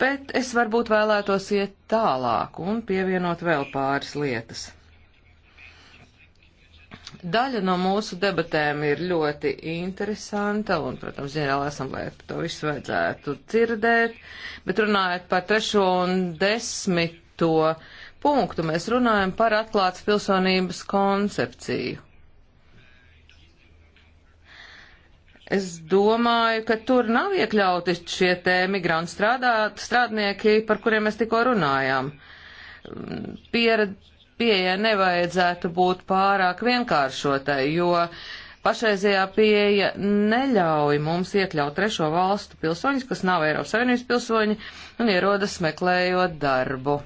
bet es varbūt vēlētos iet tālāk un pievienot vēl pāris lietas. Daļa no mūsu debatēm ir ļoti interesanta, un, protams, ģenerāla asamblēja par to visu vajadzētu dzirdēt, bet runājot par trešo un desmito punktu, mēs runājam par atklātas pilsonības koncepciju. Es domāju, ka tur nav iekļauti šie te migrantu strādāt, strādnieki, par kuriem mēs tikko runājām. Piered, pieeja nevajadzētu būt pārāk vienkāršotai, jo pašreizējā pieeja neļauj mums iekļaut trešo valstu pilsoņus, kas nav Eiropas Savienības pilsoņi un ierodas meklējot darbu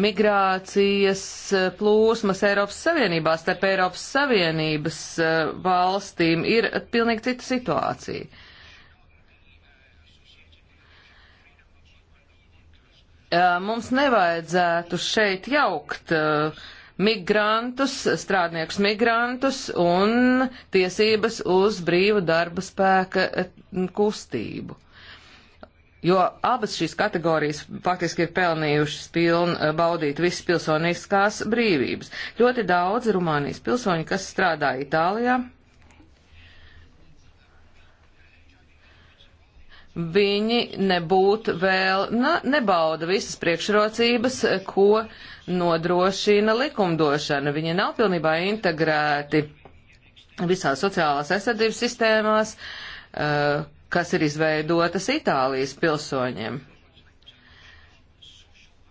migrācijas eh, plūsmas Eiropas Savienībā starp Eiropas Savienības eh, valstīm ir pilnīgi cita situācija. Eh, mums nevajadzētu šeit jaukt migrantus, strādniekus migrantus un tiesības uz brīvu darba spēka kustību jo abas šīs kategorijas faktiski ir pelnījušas pilnu eh, baudīt visas pilsoniskās brīvības. Ļoti daudz Rumānijas pilsoņi, kas strādā Itālijā, viņi nebūtu vēl, na, nebauda visas priekšrocības, eh, ko nodrošina likumdošana. Viņi nav pilnībā integrēti visās sociālās aizsardzības sistēmās, uh, kas ir izveidotas Itālijas pilsoņiem.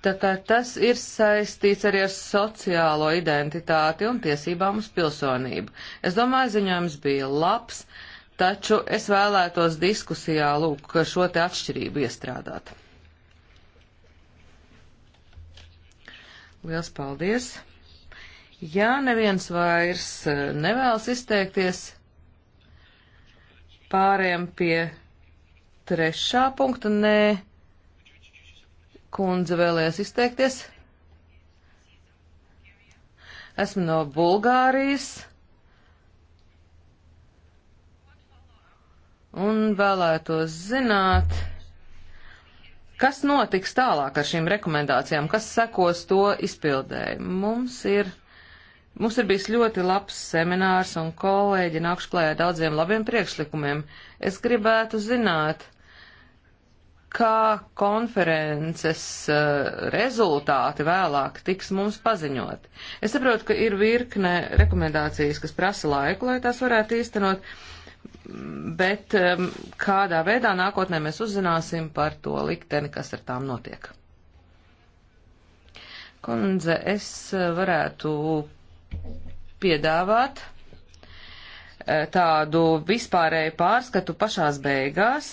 Tā kā tas ir saistīts arī ar sociālo identitāti un tiesībām uz pilsonību. Es domāju, ziņojums bija labs, taču es vēlētos diskusijā lūk šo te atšķirību iestrādāt. Liels paldies! Ja neviens vairs eh, nevēlas izteikties, pāriem pie trešā punkta. Nē, kundze vēlēs izteikties. Esmu no Bulgārijas. Un vēlētos zināt, kas notiks tālāk ar šīm rekomendācijām, kas sekos to izpildēji. Mums ir Mums ir bijis ļoti labs seminārs un kolēģi nākuši klājā daudziem labiem priekšlikumiem. Es gribētu zināt, kā konferences eh, rezultāti vēlāk tiks mums paziņot. Es saprotu, ka ir virkne rekomendācijas, kas prasa laiku, lai tās varētu īstenot, bet kādā veidā nākotnē mēs uzzināsim par to likteni, kas ar tām notiek. Kundze, es eh, varētu piedāvāt eh, tādu vispārēju pārskatu pašās beigās,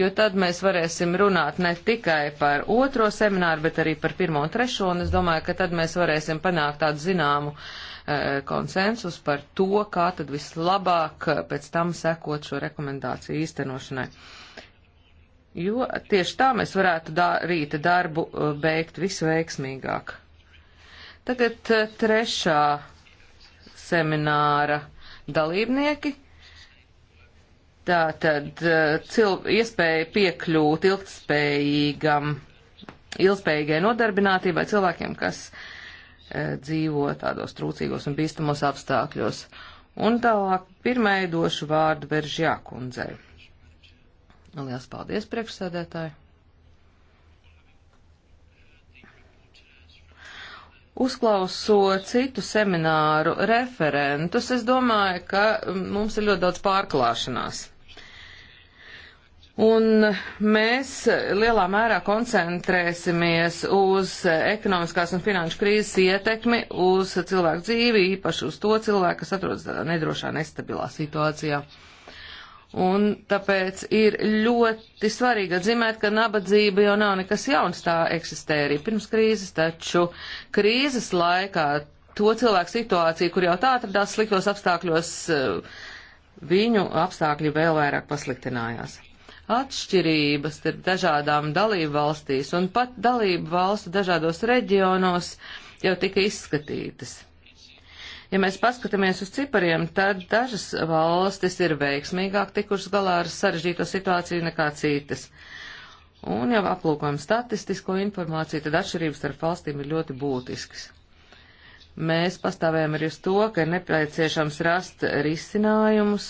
jo tad mēs varēsim runāt ne tikai par otro semināru, bet arī par pirmo un trešo, un es domāju, ka tad mēs varēsim panākt tādu zināmu eh, konsensus par to, kā tad vislabāk eh, pēc tam sekot šo rekomendāciju īstenošanai. Jo tieši tā mēs varētu dā, rīta darbu beigt visveiksmīgāk. Tagad eh, trešā semināra dalībnieki. Tātad eh, cil, iespēja piekļūt ilgspējīgam, ilgspējīgai nodarbinātībai cilvēkiem, kas e, dzīvo tādos trūcīgos un bīstamos apstākļos. Un tālāk pirmai došu vārdu Beržjā kundzei. Lielas paldies, priekšsēdētāji! Uzklausot citu semināru referentus, es domāju, ka mm, mums ir ļoti daudz pārklāšanās. Un mēs lielā mērā koncentrēsimies uz ekonomiskās un finanšu krīzes ietekmi uz cilvēku dzīvi, īpaši uz to cilvēku, kas atrodas nedrošā, nestabilā situācijā. Uh, Un tāpēc ir ļoti svarīgi atzīmēt, ka nabadzība jau nav nekas jauns, tā eksistē arī pirms krīzes, taču krīzes laikā to cilvēku situāciju, kur jau tā atradās sliktos apstākļos, eh, viņu apstākļi vēl vairāk pasliktinājās. Atšķirības ir dažādām dalību valstīs un pat dalību valstu dažādos reģionos jau tika izskatītas Ja mēs paskatāmies uz cipariem, tad dažas valstis ir veiksmīgāk tikušas galā ar sarežģīto situāciju nekā citas. Un jau aplūkojam statistisko informāciju, tad atšķirības starp valstīm ir ļoti būtiskas. Mēs pastāvējam arī uz to, ka ir nepieciešams rast risinājumus,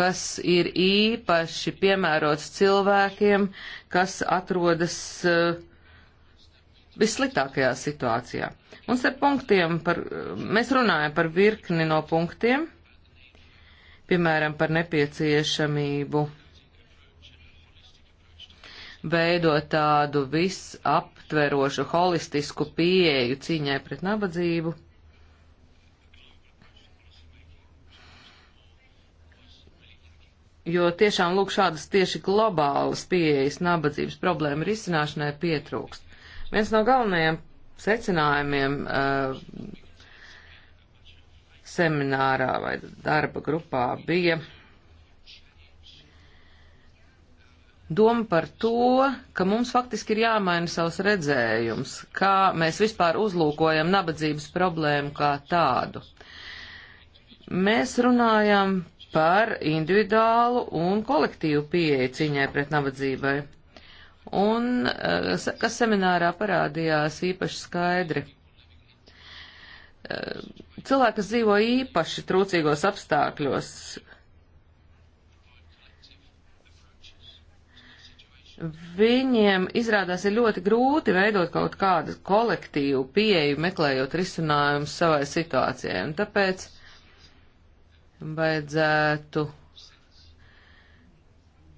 kas ir īpaši piemērots cilvēkiem, kas atrodas uh, vissliktākajā situācijā. Un ar punktiem par, mēs runājam par virkni no punktiem, piemēram, par nepieciešamību veidot tādu visaptverošu, holistisku pieeju cīņai pret nabadzību. jo tiešām lūk šādas tieši globālas pieejas nabadzības problēma risināšanai pietrūkst. Viens no galvenajiem secinājumiem eh, seminārā vai darba grupā bija doma par to, ka mums faktiski ir jāmaina savs redzējums, kā mēs vispār uzlūkojam nabadzības problēmu kā tādu. Mēs runājam par individuālu un kolektīvu pieeju ciņai pret nabadzībai un eh, kas seminārā parādījās īpaši skaidri. Eh, cilvēki, kas dzīvo īpaši trūcīgos apstākļos, viņiem izrādās ir ļoti grūti veidot kaut kādu kolektīvu pieeju, meklējot risinājumus savai situācijai, un tāpēc vajadzētu uh,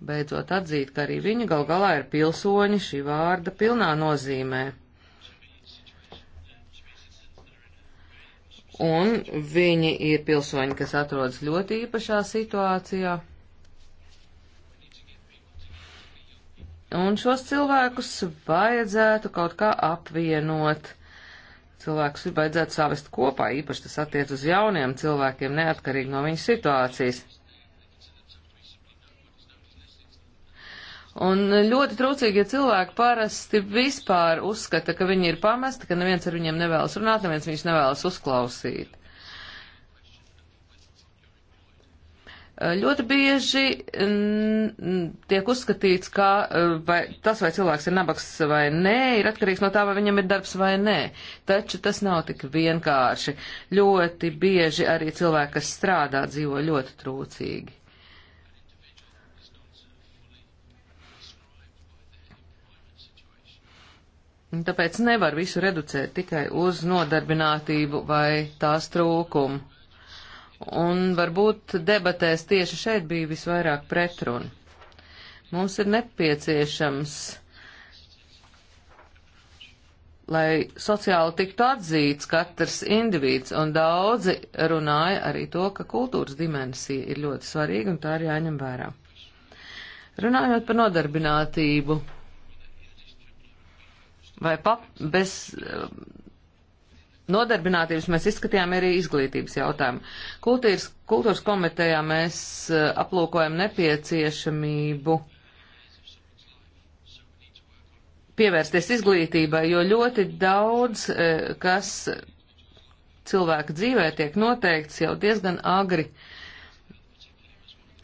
beidzot atzīt, ka arī viņi gal galā ir pilsoņi šī vārda pilnā nozīmē. Un viņi ir pilsoņi, kas atrodas ļoti īpašā situācijā. Un šos cilvēkus vajadzētu kaut kā apvienot. Cilvēkus vajadzētu savest kopā, īpaši tas attiec uz jauniem cilvēkiem, neatkarīgi no viņu situācijas. Un ļoti trūcīgie cilvēki parasti vispār uzskata, ka viņi ir pamesti, ka neviens ar viņiem nevēlas runāt, neviens viņus nevēlas uzklausīt. Ļoti bieži tiek uzskatīts, ka eh, vai, tas, vai cilvēks ir nabaks vai nē, ir atkarīgs no tā, vai viņam ir darbs vai nē. Taču tas nav tik vienkārši. Ļoti bieži arī cilvēki, kas strādā, dzīvo ļoti trūcīgi. Tāpēc nevar visu reducēt tikai uz nodarbinātību vai tās trūkumu. Un varbūt debatēs tieši šeit bija visvairāk pretrunu. Mums ir nepieciešams, lai sociāli tiktu atzīts katrs individs, un daudzi runāja arī to, ka kultūras dimensija ir ļoti svarīga un tā ir jāņem vērā. Runājot par nodarbinātību, vai pap, bez nodarbinātības mēs izskatījām arī izglītības jautājumu. Kultūras, kultūras komitejā mēs e, aplūkojam nepieciešamību pievērsties izglītībai, jo ļoti daudz, e, kas cilvēka dzīvē tiek noteikts jau diezgan agri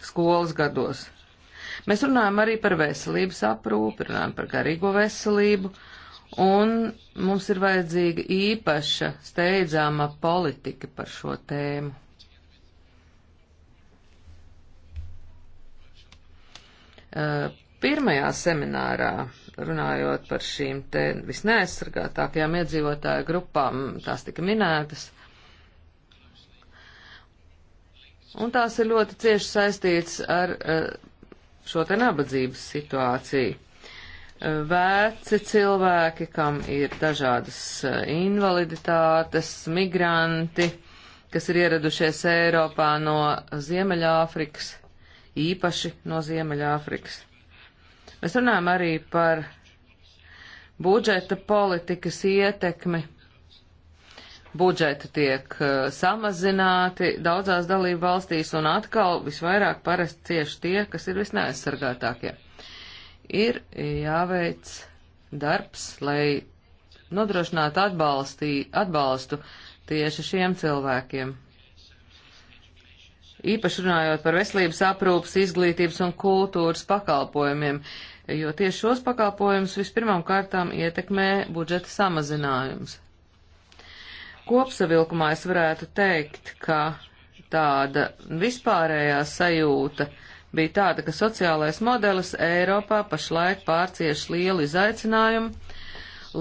skolas gados. Mēs runājam arī par veselības aprūpi, runājam par garīgo veselību. Uh, un mums ir vajadzīga īpaša steidzāma politika par šo tēmu. Eh, pirmajā seminārā, runājot par šīm te visneaizsargātākajām iedzīvotāju grupām, tās tika minētas, un tās ir ļoti cieši saistītas ar eh, šo te nabadzības situāciju veci cilvēki, kam ir dažādas e, invaliditātes, migranti, kas ir ieradušies Eiropā no Ziemeļāfrikas, īpaši no Ziemeļāfrikas. Mēs runājam arī par budžeta politikas ietekmi. Budžeti tiek e, samazināti daudzās dalību valstīs un atkal visvairāk parasti cieši tie, kas ir visneaizsargātākie ir jāveic darbs, lai nodrošinātu atbalstī, atbalstu tieši šiem cilvēkiem. Īpaši runājot par veselības aprūpas, izglītības un kultūras pakalpojumiem, jo tieši šos pakalpojumus vispirmām kārtām ietekmē budžeta samazinājums. Kopsavilkumā es varētu teikt, ka tāda vispārējā sajūta uh, bija tāda, ka sociālais modelis Eiropā pašlaik pārcieš lielu izaicinājumu,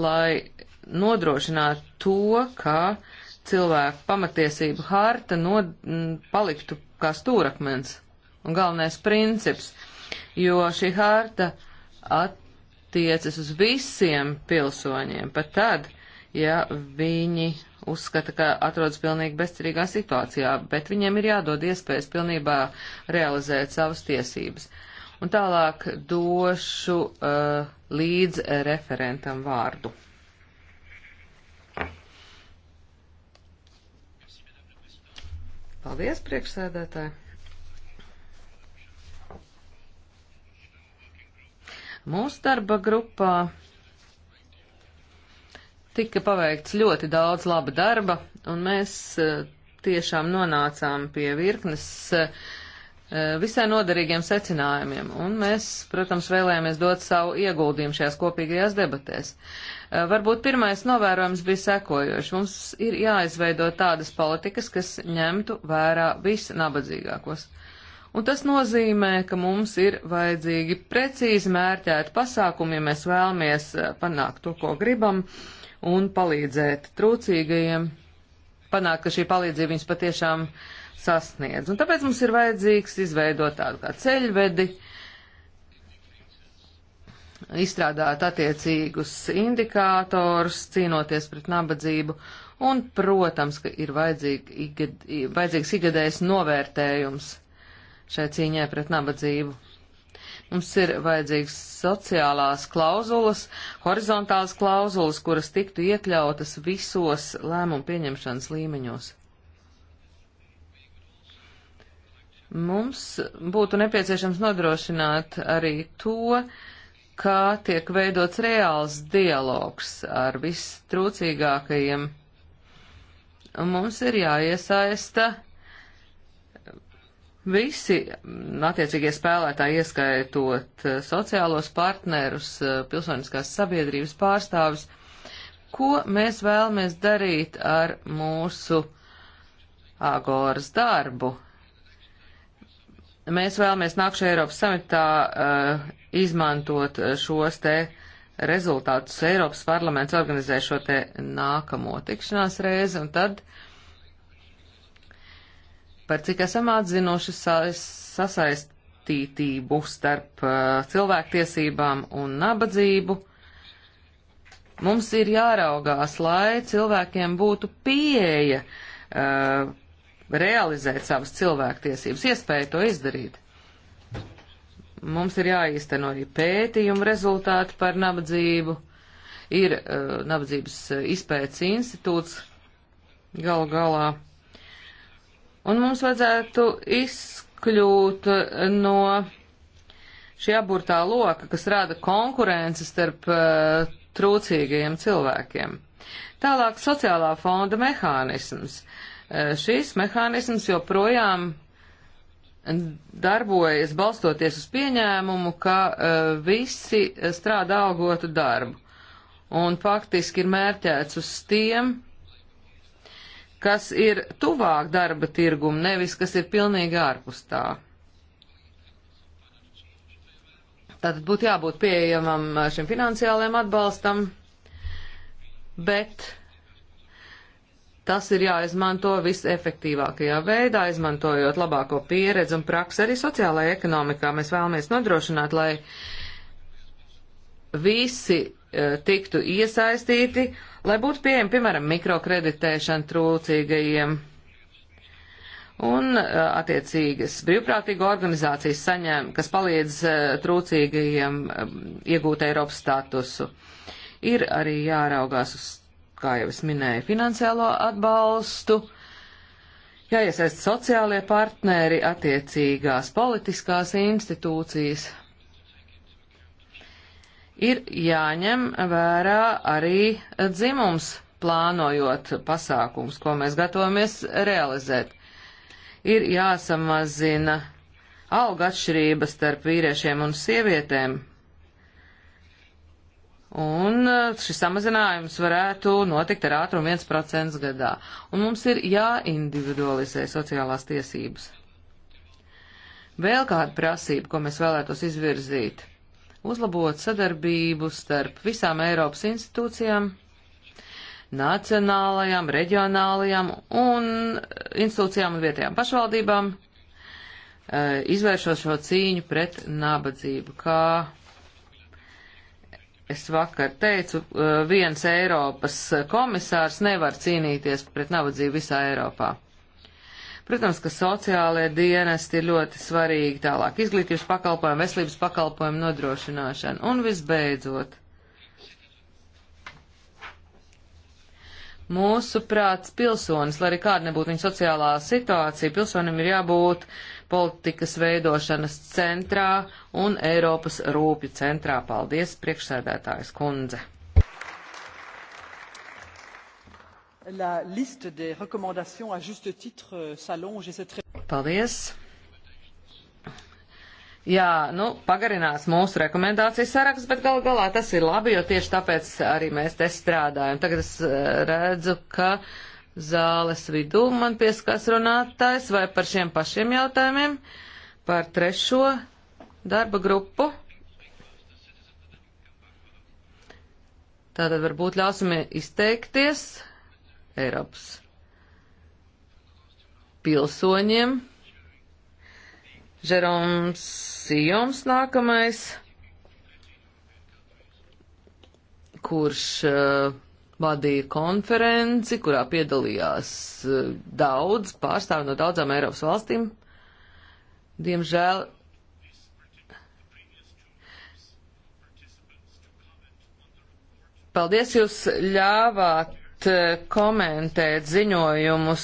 lai nodrošinātu to, ka cilvēku pamatiesību harta nod, m, paliktu kā stūrakmens un galvenais princips, jo šī harta attiecas uz visiem pilsoņiem, pat tad, ja viņi uzskata, ka atrodas pilnīgi bezcerīgā situācijā, bet viņiem ir jādod iespējas pilnībā realizēt savas tiesības. Un tālāk došu uh, līdz referentam vārdu. Paldies, priekšsēdētāji! Mūsu darba grupā Tika paveikts ļoti daudz laba darba, un mēs eh, tiešām nonācām pie virknes eh, visai noderīgiem secinājumiem, un mēs, protams, vēlējāmies dot savu ieguldījumu šajās kopīgajās debatēs. Eh, varbūt pirmais novērojums bija sekojošs. Mums ir jāizveido tādas politikas, kas ņemtu vērā visnabadzīgākos. Un tas nozīmē, ka mums ir vajadzīgi precīzi mērķēti pasākumi, ja mēs vēlamies panākt to, ko gribam. Uh, un palīdzēt trūcīgajiem, panākt, ka šī palīdzība viņus patiešām sasniedz. Un tāpēc mums ir vajadzīgs izveidot tādu kā ceļvedi, izstrādāt attiecīgus indikātors, cīnoties pret nabadzību, un, protams, ka ir vajadzīg, vajadzīgs igadējs novērtējums šai cīņai pret nabadzību. Mums ir vajadzīgs sociālās klauzulas, horizontālas klauzulas, kuras tiktu iekļautas visos lēmumu pieņemšanas līmeņos. Mums būtu nepieciešams nodrošināt arī to, kā tiek veidots reāls dialogs ar vistrūcīgākajiem. Mums ir jāiesaista Visi mm, attiecīgie spēlētāji, ieskaitot eh, sociālos partnerus, eh, pilsoniskās sabiedrības pārstāvis, ko mēs vēlamies darīt ar mūsu Agoras darbu. Mēs vēlamies nākšu Eiropas samitā uh, izmantot šos te rezultātus. Eiropas parlaments organizē šo te nākamo tikšanās reizi, un tad uh, par cik esam atzinuši sasaistītību starp uh, cilvēktiesībām un nabadzību. Mums ir jāraugās, lai cilvēkiem būtu pieeja uh, realizēt savas cilvēktiesības, iespēja to izdarīt. Mums ir jāīsteno arī pētījumu rezultāti par nabadzību. Ir uh, nabadzības uh, izpētes institūts galu galā Un mums vajadzētu izkļūt eh, no šī aburtā loka, kas rada konkurences starp uh, trūcīgajiem cilvēkiem. Tālāk sociālā fonda mehānisms. Uh, eh, šīs mehānisms joprojām darbojas balstoties uz pieņēmumu, ka uh, visi strādā algotu darbu. Un faktiski ir mērķēts uz tiem, kas ir tuvāk darba tirgumu, nevis kas ir pilnīgi ārpus tā. Tātad būtu jābūt pieejamam šim finansiālajam atbalstam, bet tas ir jāizmanto visefektīvākajā veidā, izmantojot labāko pieredzi un praksi arī sociālajā ekonomikā. Mēs vēlamies nodrošināt, lai visi tiktu iesaistīti, lai būtu pieejami, piemēram, mikrokreditēšana trūcīgajiem. Un uh, attiecīgas brīvprātīgo organizācijas saņem, kas palīdz uh, trūcīgajiem um, iegūt Eiropas statusu. Ir arī jāraugās uz, kā jau es minēju, finansiālo atbalstu, jāiesaist sociālie partneri, attiecīgās politiskās institūcijas ir jāņem vērā arī dzimums, plānojot pasākums, ko mēs gatavamies realizēt. Ir jāsamazina alga atšķirības starp vīriešiem un sievietēm. Un uh, šis samazinājums varētu notikt ar ātrumu 1% gadā. Un mums ir jāindividualizē sociālās tiesības. Vēl kāda prasība, ko mēs vēlētos izvirzīt uzlabot sadarbību starp visām Eiropas institūcijām, nacionālajām, reģionālajām un institūcijām un vietējām pašvaldībām, e, izvēršot šo cīņu pret nabadzību, kā Es vakar teicu, e, viens Eiropas komisārs nevar cīnīties pret nabadzību visā Eiropā. Protams, ka sociālajie dienesti ir ļoti svarīgi, tālāk izglītības pakalpojumu, veselības pakalpojumu nodrošināšana. Un visbeidzot, mūsu prāts pilsonis, lai arī kāda nebūtu viņa sociālā situācija, pilsonim ir jābūt politikas veidošanas centrā un Eiropas rūpju centrā. Paldies, priekšsēdētājs kundze! la liste des recommandations à juste titre euh, s'allonge et c'est très. Paldies! Jā, nu, pagarinās mūsu rekomendācijas saraksts, bet gal galā tas ir labi, jo tieši tāpēc arī mēs te strādājam. Tagad es eh, redzu, ka zāles vidū man pieskās runātājs vai par šiem pašiem jautājumiem, par trešo darba grupu. Tātad varbūt ļausim izteikties Eiropas pilsoņiem. Žeroms Sijoms nākamais, kurš uh, vadīja konferenci, kurā piedalījās uh, daudz pārstāvi no daudzām Eiropas valstīm. Diemžēl Paldies, jūs ļāvāt Eh, komentēt ziņojumus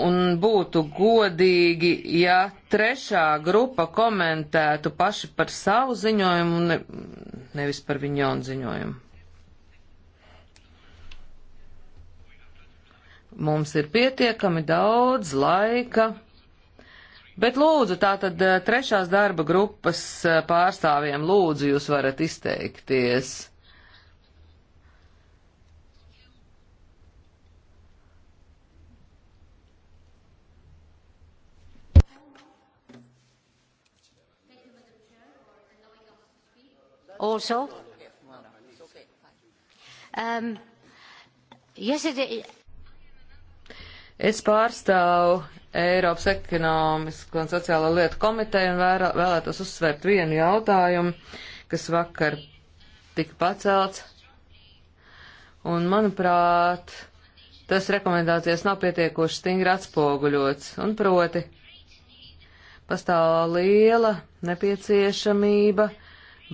un būtu godīgi, ja trešā grupa komentētu paši par savu ziņojumu un ne, nevis par viņu jaunu ziņojumu. Mums ir pietiekami daudz laika, bet lūdzu tātad eh, trešās darba grupas eh, pārstāvjiem lūdzu jūs varat izteikties. also. Um, yesterday... Es pārstāvu Eiropas ekonomisko un sociālo lietu komiteju un vēra, vēlētos uzsvērt vienu jautājumu, kas vakar tika pacelts. Un, manuprāt, tas rekomendācijas nav pietiekoši stingri atspoguļots. Un proti, pastāv liela nepieciešamība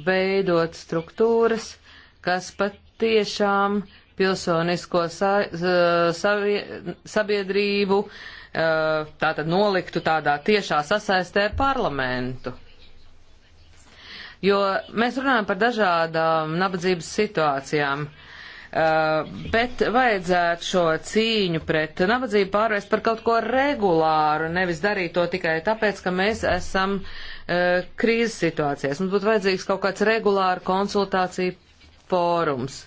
veidot struktūras, kas patiešām pilsonisko sa, savie, sabiedrību e, tātad noliktu tādā tiešā sasaistē parlamentu. Jo mēs runājam par dažādām nabadzības situācijām. Uh, Eh, bet vajadzētu šo cīņu pret nabadzību pārvērst par kaut ko regulāru, nevis darīt to tikai tāpēc, ka mēs esam uh, krīzes situācijās. Mums būtu vajadzīgs kaut kāds regulāru konsultāciju fórums.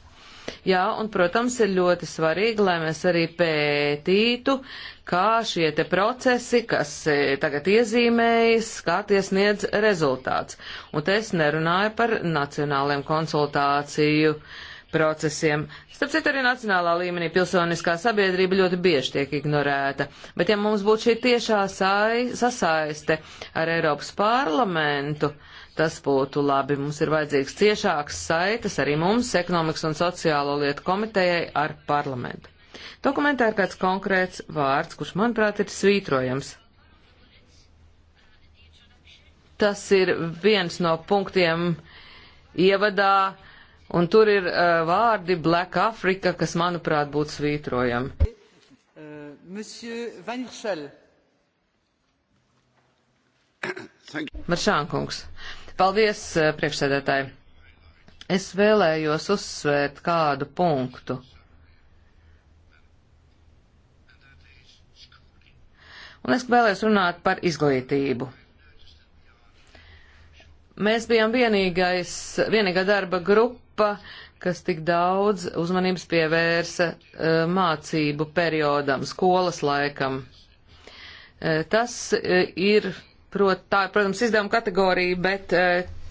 Jā, un, protams, ir ļoti svarīgi, lai mēs arī pētītu, kā šie te procesi, kas eh, tagad iezīmējas, kā tie sniedz rezultāts. Un te es nerunāju par nacionāliem konsultāciju uh, procesiem. Starp citu, arī nacionālā līmenī pilsoniskā sabiedrība ļoti bieži tiek ignorēta. Bet ja mums būtu šī tiešā sai, sasaiste ar Eiropas parlamentu, tas būtu labi. Mums ir vajadzīgs ciešāks saites arī mums, ekonomikas un sociālo lietu komitejai ar parlamentu. Dokumentā ir kāds konkrēts vārds, kurš, manuprāt, ir svītrojams. Tas ir viens no punktiem ievadā, uh, Un tur ir uh, vārdi Black Africa, kas, manuprāt, būtu svītrojami. Uh, Maršānkungs. Paldies, uh, priekšsēdētāji. Es vēlējos uzsvērt kādu punktu. Un es vēlējos runāt par izglītību. Mēs bijām vienīgais, vienīgā darba grupa, kas tik daudz uzmanības pievērsa uh, mācību periodam, skolas laikam. Uh, tas uh, ir, prot, tā ir, protams, izdevuma kategorija, bet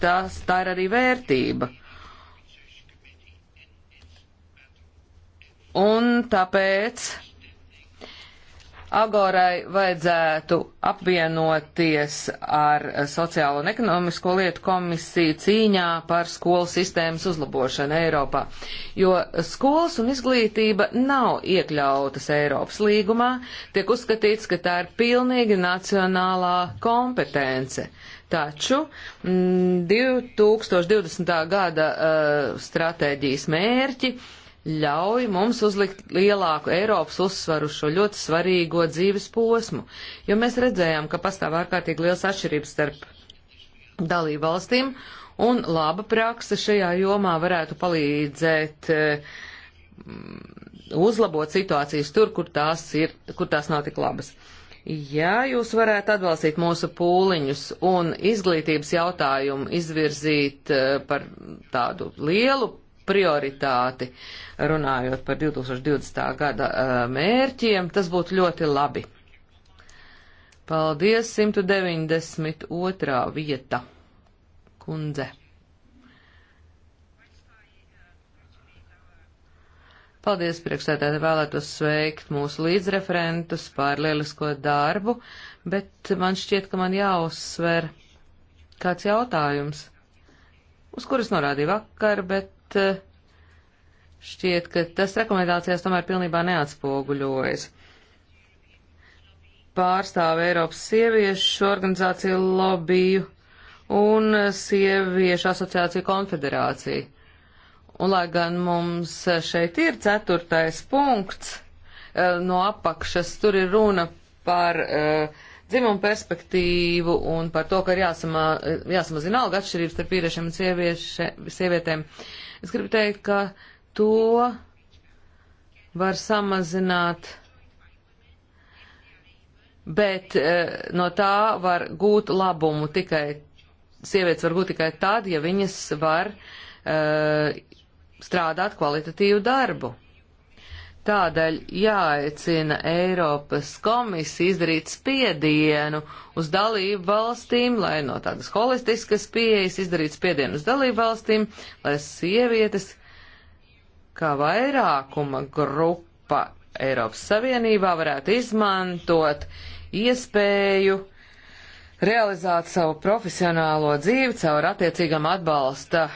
tas, tā ir arī vērtība. Un tāpēc Agorai vajadzētu apvienoties ar Sociālo un ekonomisko lietu komisiju cīņā par skolu sistēmas uzlabošanu Eiropā, jo skolas un izglītība nav iekļautas Eiropas līgumā, tiek uzskatīts, ka tā ir pilnīgi nacionālā kompetence. Taču m, mm, 2020. gada uh, stratēģijas mērķi uh, ļauj mums uzlikt lielāku Eiropas uzsvaru šo ļoti svarīgo dzīves posmu, jo mēs redzējām, ka pastāv ārkārtīgi liels atšķirības starp dalību valstīm, un laba praksa šajā jomā varētu palīdzēt eh, uzlabot situācijas tur, kur tās, ir, kur tās nav tik labas. Ja jūs varētu atbalstīt mūsu pūliņus un izglītības jautājumu izvirzīt eh, par tādu lielu prioritāti, runājot par 2020. gada eh, mērķiem, tas būtu ļoti labi. Paldies, 192. vieta, kundze. Paldies, priekšsēdētāji, vēlētos sveikt mūsu līdzreferentus par lielisko darbu, bet man šķiet, ka man jāuzsver kāds jautājums, uz kuras norādīju vakar, bet bet eh, šķiet, ka tas rekomendācijās tomēr pilnībā neatspoguļojas. Pārstāv Eiropas sieviešu organizāciju lobiju un sieviešu asociāciju konfederāciju. Un, lai gan mums šeit ir ceturtais punkts eh, no apakšas, tur ir runa par uh, dzimumu perspektīvu un par to, ka ir jāsama, jāsamazina alga atšķirības starp vīriešiem un sievieše, sievietēm. Uh, Es gribu teikt, ka to var samazināt, bet eh, no tā var gūt labumu tikai, sievietes var gūt tikai tad, ja viņas var uh, strādāt kvalitatīvu darbu. Tādēļ jāaicina Eiropas komisija izdarīt spiedienu uz dalību valstīm, lai no tādas holistiskas pieejas izdarītu spiedienu uz dalību valstīm, lai sievietes kā vairākuma grupa Eiropas Savienībā varētu izmantot iespēju realizēt savu profesionālo dzīvi caur attiecīgam atbalsta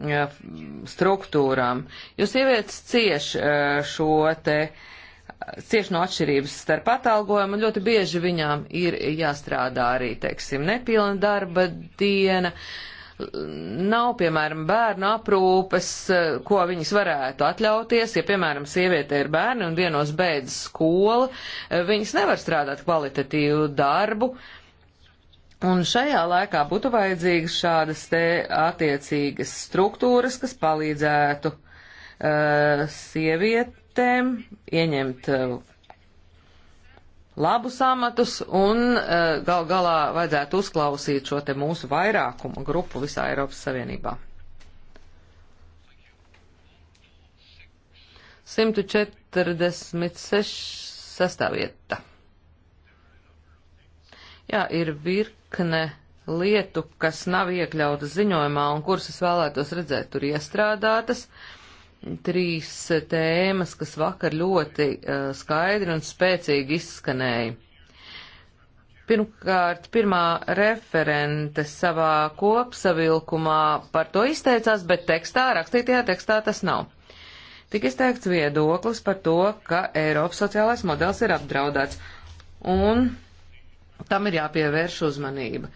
struktūrām. Jūs sievietes cieš šo te cieš no atšķirības starp atalgojumu, un ļoti bieži viņām ir jāstrādā arī, teiksim, nepilna darba diena, nav, piemēram, bērnu aprūpes, ko viņas varētu atļauties, ja, piemēram, sieviete ir bērni un vienos beidz skolu, viņas nevar strādāt kvalitatīvu darbu, uh, Un šajā laikā būtu vajadzīgas šādas te attiecīgas struktūras, kas palīdzētu uh, sievietēm ieņemt uh, labus amatus un uh, gal galā vajadzētu uzklausīt šo te mūsu vairākumu grupu visā Eiropas Savienībā. 146. vieta. Jā, ir virkne lietu, kas nav iekļautas ziņojumā un kuras es vēlētos redzēt tur iestrādātas. Trīs tēmas, kas vakar ļoti uh, skaidri un spēcīgi izskanēja. Pirmkārt, pirmā referente savā kopsavilkumā par to izteicās, bet tekstā, rakstītajā tekstā tas nav. Tik izteikts viedoklis par to, ka Eiropas sociālais modelis ir apdraudēts. Un Tam ir jāpievērš uzmanība.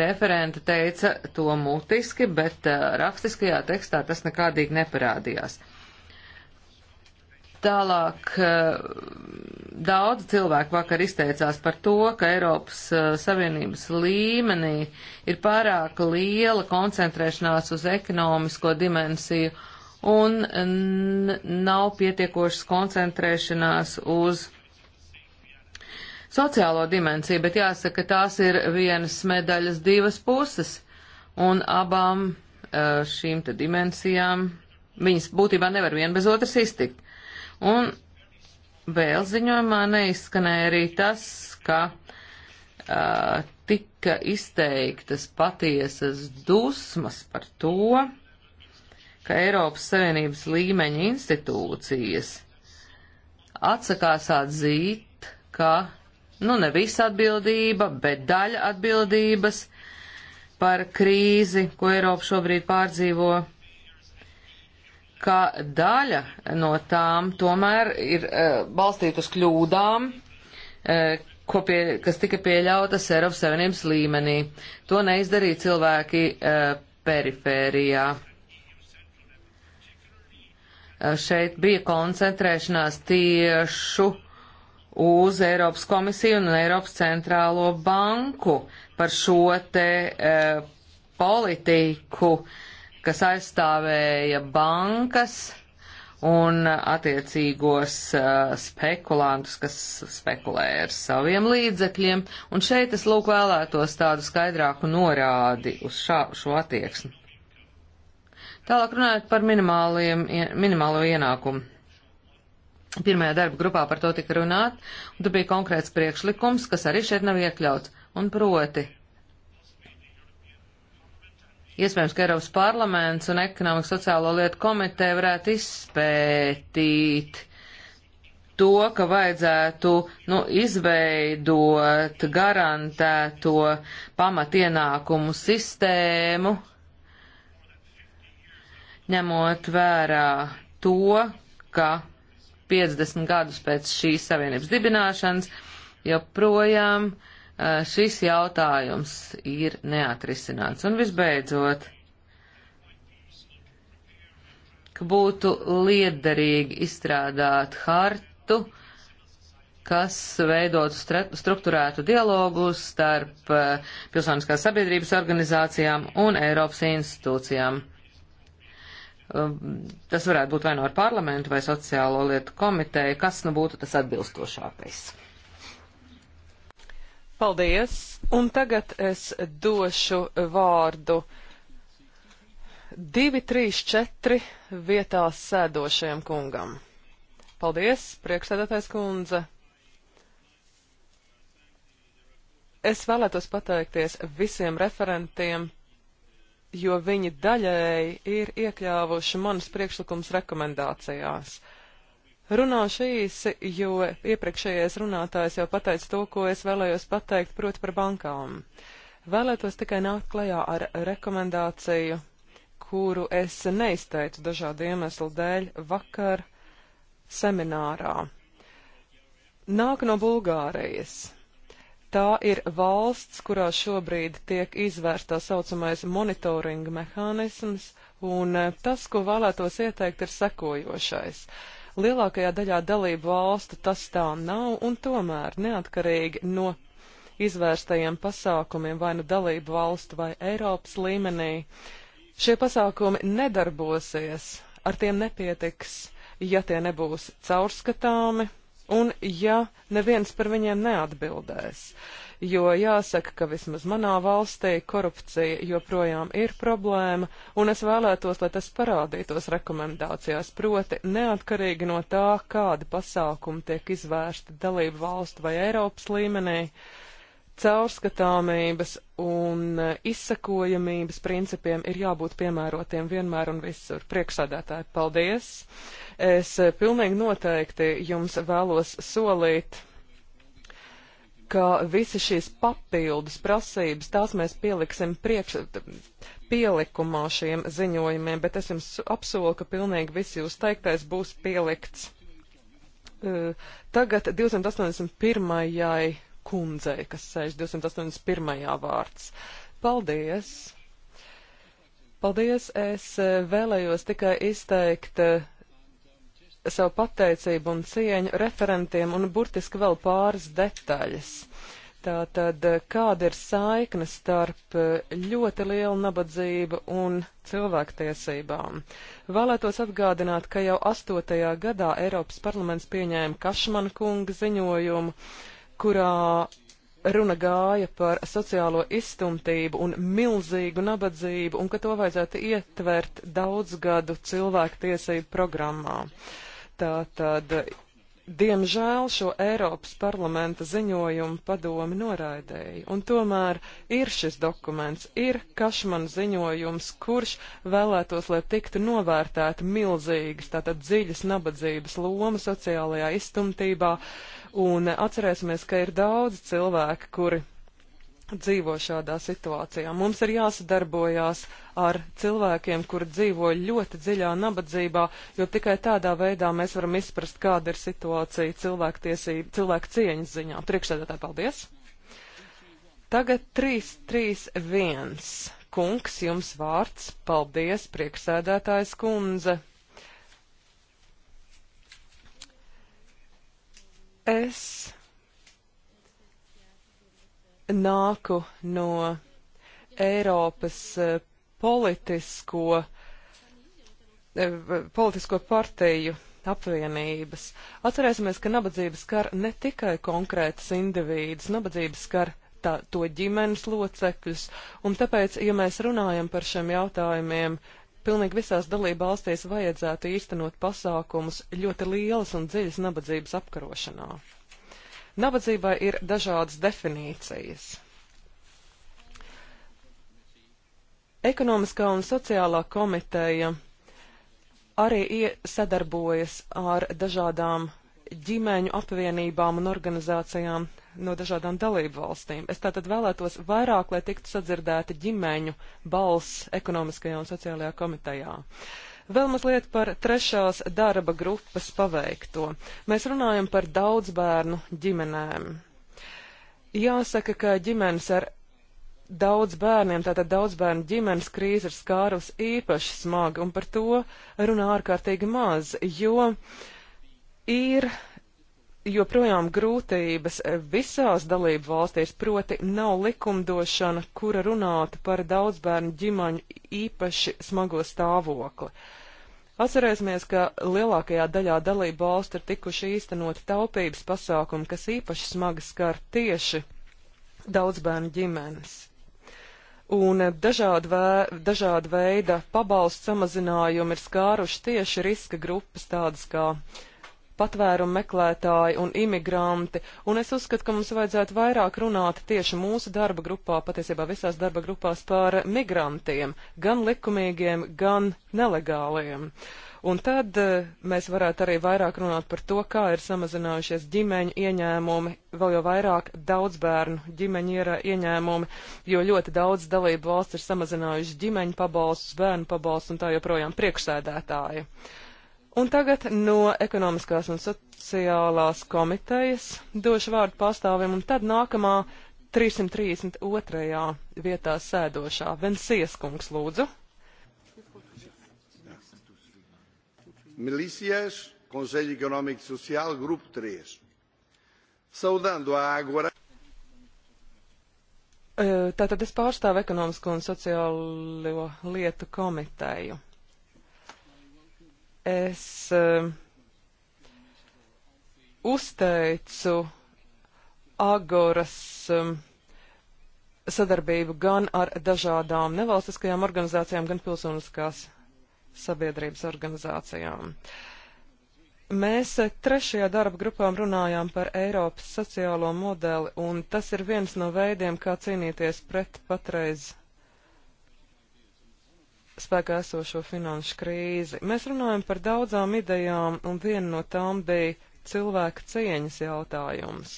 Referente teica to mutiski, bet uh, rakstiskajā tekstā tas nekādīgi neparādījās. Tālāk uh, daudz cilvēku vakar izteicās par to, ka Eiropas uh, Savienības līmenī ir pārāk liela koncentrēšanās uz ekonomisko dimensiju un nav pietiekošas koncentrēšanās uz sociālo dimensiju, bet jāsaka, ka tās ir vienas medaļas divas puses, un abām šīm te dimensijām viņas būtībā nevar viena bez otras iztikt. Un vēl ziņojumā neizskanēja arī tas, ka uh, tika izteiktas patiesas dusmas par to, ka Eiropas Savienības līmeņa institūcijas atsakās atzīt, ka nu ne visa atbildība, bet daļa atbildības par krīzi, ko Eiropa šobrīd pārdzīvo, ka daļa no tām tomēr ir uh, eh, balstīta uz kļūdām, uh, pie, kas tika pieļautas Eiropas Savienības līmenī. To neizdarīja cilvēki uh, perifērijā. Uh, šeit bija koncentrēšanās tiešu uh, uz Eiropas komisiju un Eiropas centrālo banku par šo te e, politiku, kas aizstāvēja bankas un attiecīgos e, spekulantus, kas spekulē ar saviem līdzekļiem. Un šeit es lūk vēlētos tādu skaidrāku norādi uz šā, šo attieksmi. Tālāk runājot par minimālo ienākumu. Pirmajā darba grupā par to tika runāt, un tur bija konkrēts priekšlikums, kas arī šeit nav iekļauts, un proti. Iespējams, ka Eiropas parlaments un ekonomikas sociālo lietu komiteja varētu izpētīt to, ka vajadzētu nu, izveidot garantēto pamatienākumu sistēmu, ņemot vērā to, ka 50 gadus pēc šīs savienības dibināšanas, joprojām šis jautājums ir neatrisināts. Un visbeidzot, ka būtu liederīgi izstrādāt hartu, kas veidot struktūrētu dialogu starp pilsoniskās sabiedrības organizācijām un Eiropas institūcijām. Um, tas varētu būt vai no nu ar parlamentu vai sociālo lietu komiteju, kas nu būtu tas atbilstošākais. Paldies! Un tagad es došu vārdu 2, 3, 4 vietā sēdošajam kungam. Paldies, priekšsēdētājs kundze! Es vēlētos pateikties visiem referentiem jo viņi daļēji ir iekļāvuši manas priekšlikums rekomendācijās. Runāšu īsi, jo iepriekšējais runātājs jau pateica to, ko es vēlējos pateikt, proti par bankām. Vēlētos tikai nākt klajā ar rekomendāciju, kuru es neizteicu dažādu iemeslu dēļ vakar seminārā. Nāk no Bulgārijas. Tā ir valsts, kurā šobrīd tiek izvērsta tā saucamais monitoringa mehānisms, un eh, tas, ko vēlētos ieteikt, ir sekojošais. Lielākajā daļā dalību valstu tas tā nav, un tomēr neatkarīgi no izvērstajiem pasākumiem vai nu dalību valstu vai Eiropas līmenī, šie pasākumi nedarbosies, ar tiem nepietiks, ja tie nebūs caurskatāmi, un ja neviens par viņiem neatbildēs. Jo jāsaka, ka vismaz manā valstī korupcija joprojām ir problēma, un es vēlētos, lai tas parādītos rekomendācijās, proti neatkarīgi no tā, kādi pasākumi tiek izvērsti dalību valstu vai Eiropas līmenī, uh, caurskatāmības un e, izsakojamības principiem ir jābūt piemērotiem vienmēr un visur. Priekšsādātāji, paldies! Es e, pilnīgi noteikti jums vēlos solīt, ka visi šīs papildus prasības, tās mēs pieliksim priekš, pielikumā šiem ziņojumiem, bet es jums apsolu, ka pilnīgi viss jūs teiktais būs pielikts. E, tagad 281 kundzei, kas sēž 281. vārds. Paldies! Paldies! Es e, vēlējos tikai izteikt e, savu pateicību un cieņu referentiem un burtiski vēl pāris detaļas. Tātad, e, kāda ir saikne starp ļoti lielu nabadzību un cilvēktiesībām? Vēlētos atgādināt, ka jau astotajā gadā Eiropas parlaments pieņēma Kašmana kunga ziņojumu, kurā runa gāja par sociālo izstumtību un milzīgu nabadzību, un ka to vajadzētu ietvert daudzgadu cilvēku tiesību programmā. Tātad Diemžēl šo Eiropas parlamenta ziņojumu padomi noraidēja, un tomēr ir šis dokuments, ir Kašman ziņojums, kurš vēlētos, lai tiktu novērtēta milzīgas, tātad dziļas nabadzības loma sociālajā izstumtībā, un atcerēsimies, ka ir daudz cilvēki, kuri dzīvo šādā situācijā. Mums ir jāsadarbojās ar cilvēkiem, kuri dzīvo ļoti dziļā nabadzībā, jo tikai tādā veidā mēs varam izprast, kāda ir situācija cilvēktiesība, cilvēku cieņas ziņā. Priekšsēdētāji, paldies! Tagad 3, 3, 1. Kungs, jums vārds. Paldies, priekšsēdētājs kundze. Es nāku no Eiropas e, politisko, e, politisko partiju apvienības. Atcerēsimies, ka nabadzības skar ne tikai konkrētas individus, nabadzības skar tā, to ģimenes locekļus, un tāpēc, ja mēs runājam par šiem jautājumiem, pilnīgi visās dalība valstīs vajadzētu īstenot pasākumus ļoti lielas un dziļas nabadzības apkarošanā. Nabadzībai ir dažādas definīcijas. Ekonomiskā un sociālā komiteja arī sadarbojas ar dažādām ģimeņu apvienībām un organizācijām no dažādām dalību valstīm. Es tātad vēlētos vairāk, lai tiktu sadzirdēta ģimeņu balss ekonomiskajā un sociālajā komitejā. Uh, Vēl mazliet par trešās darba grupas paveikto. Mēs runājam par daudzbērnu ģimenēm. Jāsaka, ka ģimenes ar daudz bērniem, tātad daudz bērnu ģimenes krīze ir skārus īpaši smagi, un par to runā ārkārtīgi maz, jo ir joprojām grūtības visās dalību valstīs, proti nav likumdošana, kura runātu par daudz bērnu ģimaņu īpaši smago stāvokli. Atcerēsimies, ka lielākajā daļā dalību valstu ir tikuši īstenoti taupības pasākumi, kas īpaši smagi skar tieši daudzbērnu ģimenes. Un eh, dažādi, vē, dažādi veida pabalstu samazinājumi ir skāruši tieši riska grupas tādas kā uh, patvērumu meklētāji un imigranti, un es uzskatu, ka mums vajadzētu vairāk runāt tieši mūsu darba grupā, patiesībā visās darba grupās par migrantiem, gan likumīgiem, gan nelegāliem. Un tad eh, mēs varētu arī vairāk runāt par to, kā ir samazinājušies ģimeņu ieņēmumi, vēl jau vairāk daudzbērnu ģimeņu ieņēmumi, jo ļoti daudz dalību valsts ir samazinājuši ģimeņu pabalstus, bērnu pabalstus un tā joprojām priekšsēdētāju. Uh, Un tagad no ekonomiskās un sociālās komitejas došu vārdu pārstāvim, un tad nākamā 332. vietā sēdošā Vensies kungs lūdzu. Milícias, Conselho Económico e Social, Grupo 3. Saudando a Ágora. Eh, tātad es pārstāvu ekonomisko un sociālo lietu komiteju es eh, uzteicu Agoras eh, sadarbību gan ar dažādām nevalstiskajām organizācijām, gan pilsoniskās sabiedrības organizācijām. Mēs eh, trešajā darba grupām runājām par Eiropas sociālo modeli, un tas ir viens no veidiem, kā cīnīties pret patreiz spēkā esošo finanšu krīzi. Mēs runājam par daudzām idejām, un viena no tām bija cilvēka cieņas jautājums.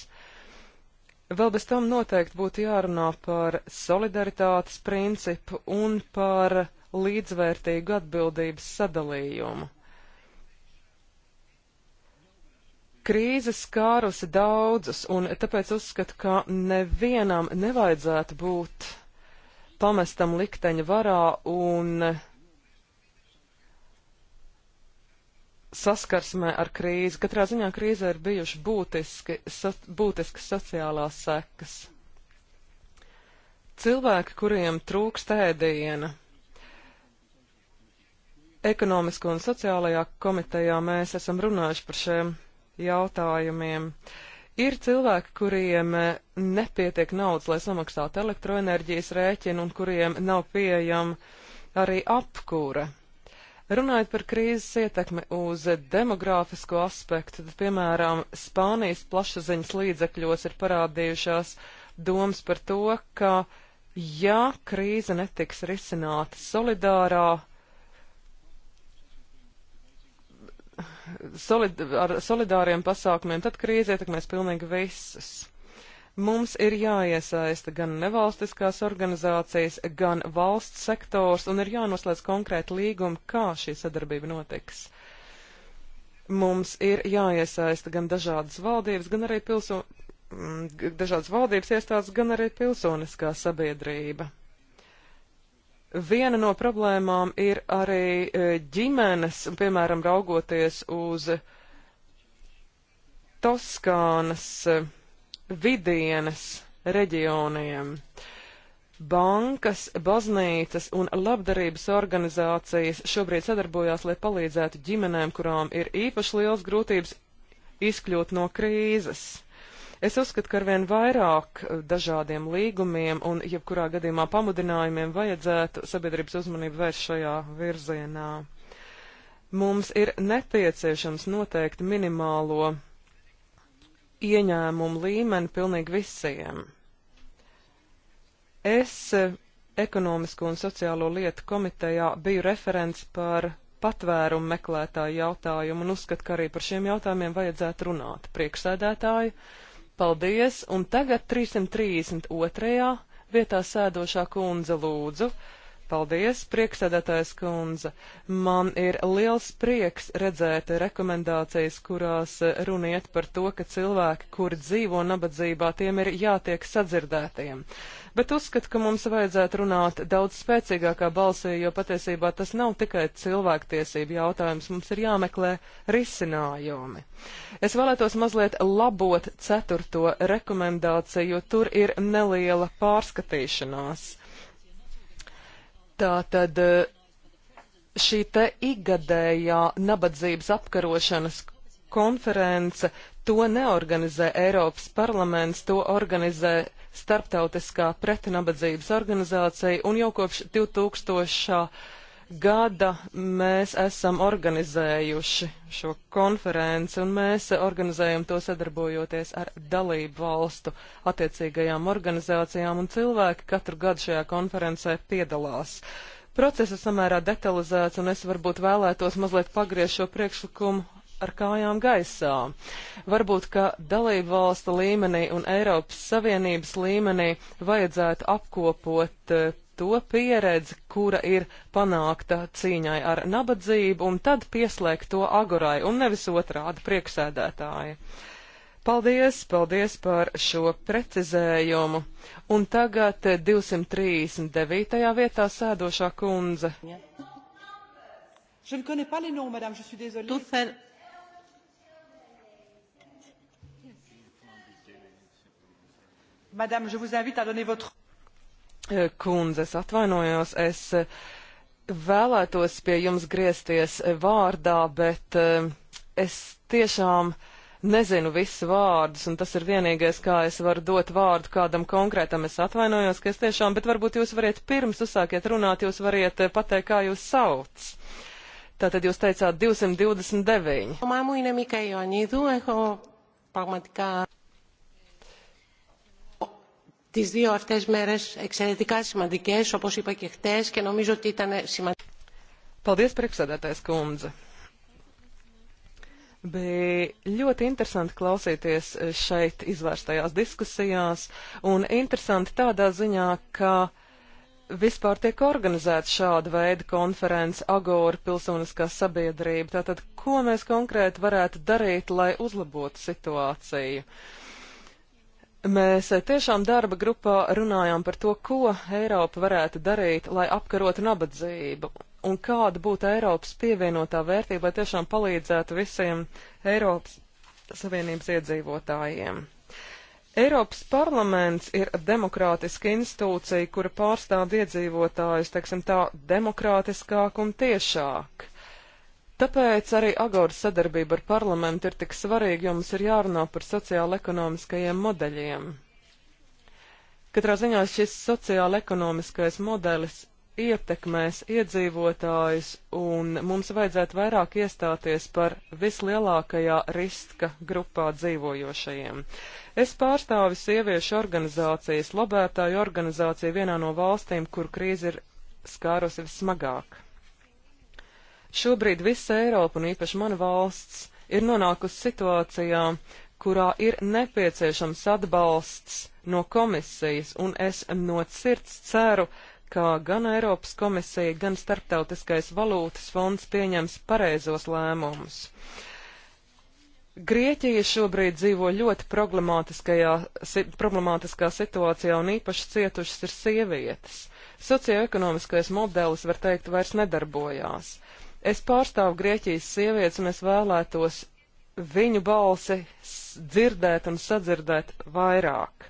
Vēl bez tam noteikti būtu jārunā par solidaritātes principu un par līdzvērtīgu atbildības sadalījumu. Krīze skārusi daudzus, un tāpēc uzskatu, ka nevienam nevajadzētu būt pamestam likteņa varā un saskarsmē ar krīzi. Katrā ziņā krīzē ir bijuši būtiski, so, būtiski sociālās sekas. Cilvēki, kuriem trūkst ēdiena, ekonomisko un sociālajā komitejā mēs esam runājuši par šiem jautājumiem. Uh, Ir cilvēki, kuriem eh, nepietiek naudas, lai samaksātu elektroenerģijas rēķinu un kuriem nav pieejama arī apkūra. Runājot par krīzes ietekmi uz demogrāfisko aspektu, tad, piemēram, Spānijas plašsaziņas līdzekļos ir parādījušās domas par to, ka, ja krīze netiks risināta solidārā solid, ar solidāriem pasākumiem, tad krīze ietekmēs pilnīgi visus. Mums ir jāiesaista gan nevalstiskās organizācijas, gan valsts sektors, un ir jānoslēdz konkrēti līgumi, kā šī sadarbība notiks. Mums ir jāiesaista gan dažādas valdības, gan arī pilso... dažādas valdības iestādes, gan arī pilsoniskā sabiedrība. Viena no problēmām ir arī e, ģimenes, piemēram, raugoties uz Toskānas e, vidienas reģioniem. Bankas, baznīcas un labdarības organizācijas šobrīd sadarbojās, lai palīdzētu ģimenēm, kurām ir īpaši liels grūtības izkļūt no krīzes. Es uzskatu, ka arvien vairāk eh, dažādiem līgumiem un jebkurā gadījumā pamudinājumiem vajadzētu sabiedrības uzmanību vērst šajā virzienā. Mums ir nepieciešams noteikti minimālo ieņēmumu līmeni pilnīgi visiem. Es eh, ekonomisko un sociālo lietu komitejā biju referents par patvērumu meklētāju jautājumu un uzskatu, ka arī par šiem jautājumiem vajadzētu runāt. Priekšsēdētāji, uh, Paldies, un tagad 332. vietā sēdošā kundze lūdzu. Paldies, prieksēdētājs kundze. Man ir liels prieks redzēt rekomendācijas, kurās runiet par to, ka cilvēki, kuri dzīvo nabadzībā, tiem ir jātiek sadzirdētiem. Uh, bet uzskatu, ka mums vajadzētu runāt daudz spēcīgākā balsī, jo patiesībā tas nav tikai cilvēktiesību jautājums, mums ir jāmeklē risinājumi. Es vēlētos mazliet labot ceturto rekomendāciju, jo tur ir neliela pārskatīšanās. Tātad eh, šī te igadējā nabadzības apkarošanas konference, to neorganizē Eiropas parlaments, to organizē Starptautiskā pretnabadzības organizācija, un jau kopš 2000. gada mēs esam organizējuši šo konferenci, un mēs organizējam to sadarbojoties ar dalību valstu attiecīgajām organizācijām, un cilvēki katru gadu šajā konferencē piedalās. Process ir samērā detalizēts, un es varbūt vēlētos mazliet pagriezt šo priekšlikumu ar kājām gaisā. Varbūt, ka dalību valsta līmenī un Eiropas Savienības līmenī vajadzētu apkopot eh, to pieredzi, kura ir panākta cīņai ar nabadzību, un tad pieslēgt to agorai, un nevis otrādi priekšsēdētāji. Paldies, paldies par šo precizējumu. Un tagad 239. Eh, vietā sēdošā kundze. Ja. Madame, je vous invite à donner votre. Kundze, es atvainojos, es vēlētos pie jums griezties vārdā, bet es tiešām nezinu visus vārdus, un tas ir vienīgais, kā es varu dot vārdu kādam konkrētam. Es atvainojos, ka es tiešām, bet varbūt jūs variet pirms uzsākiet runāt, jūs variet pateikt, kā jūs sauc. Tātad jūs teicāt 229 τις δύο αυτές μέρες εξαιρετικά σημαντικές, όπως είπα και χτες, και νομίζω ότι ήταν σημαντικό. Paldies, priekšsēdētājs kundze! Bija ļoti interesanti klausīties šeit izvērstajās diskusijās, un interesanti tādā ziņā, ka vispār tiek organizēta šāda veida konference Agora pilsoniskā sabiedrība. Tātad, ko mēs konkrēti varētu darīt, lai uzlabotu situāciju? Uh, Mēs tiešām darba grupā runājām par to, ko Eiropa varētu darīt, lai apkarotu nabadzību un kāda būtu Eiropas pievienotā vērtība, lai tiešām palīdzētu visiem Eiropas Savienības iedzīvotājiem. Eiropas parlaments ir demokrātiska institūcija, kura pārstāv iedzīvotājus, teiksim tā, demokrātiskāk un tiešāk. Tāpēc arī Agoras sadarbība ar parlamentu ir tik svarīga, jo mums ir jārunā par sociāla-ekonomiskajiem modeļiem. Katrā ziņā šis sociāla-ekonomiskais modelis ietekmēs iedzīvotājus, un mums vajadzētu vairāk iestāties par vislielākajā riska grupā dzīvojošajiem. Es pārstāvu sieviešu organizācijas, lobētāju organizāciju vienā no valstīm, kur krīze ir skārusi vismagāk. Šobrīd visa Eiropa un īpaši mana valsts ir nonākusi situācijā, kurā ir nepieciešams atbalsts no komisijas, un es no sirds ceru, ka gan Eiropas komisija, gan Starptautiskais valūtas fonds pieņems pareizos lēmumus. Grieķija šobrīd dzīvo ļoti si problemātiskā situācijā un īpaši cietušas ir sievietes. Socioekonomiskais modelis, var teikt, vairs nedarbojās. Es pārstāvu Grieķijas sievietes, un es vēlētos viņu balsi dzirdēt un sadzirdēt vairāk.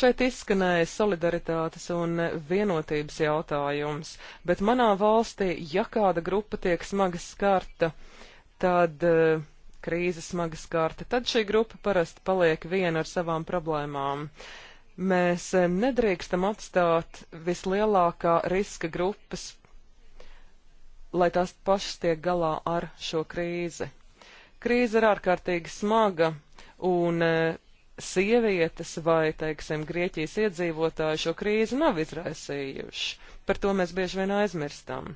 Šeit izskanēja solidaritātes un vienotības jautājums, bet manā valstī, ja kāda grupa tiek smagi skarta, tad uh, eh, krīzes smagi skarta, tad šī grupa parasti paliek viena ar savām problēmām. Mēs uh, nedrīkstam atstāt vislielākā riska grupas lai tās pašas tiek galā ar šo krīzi. Krīze ir ārkārtīgi smaga, un e, sievietes vai, teiksim, Grieķijas iedzīvotāji šo krīzi nav izraisījuši. Par to mēs bieži vien aizmirstam.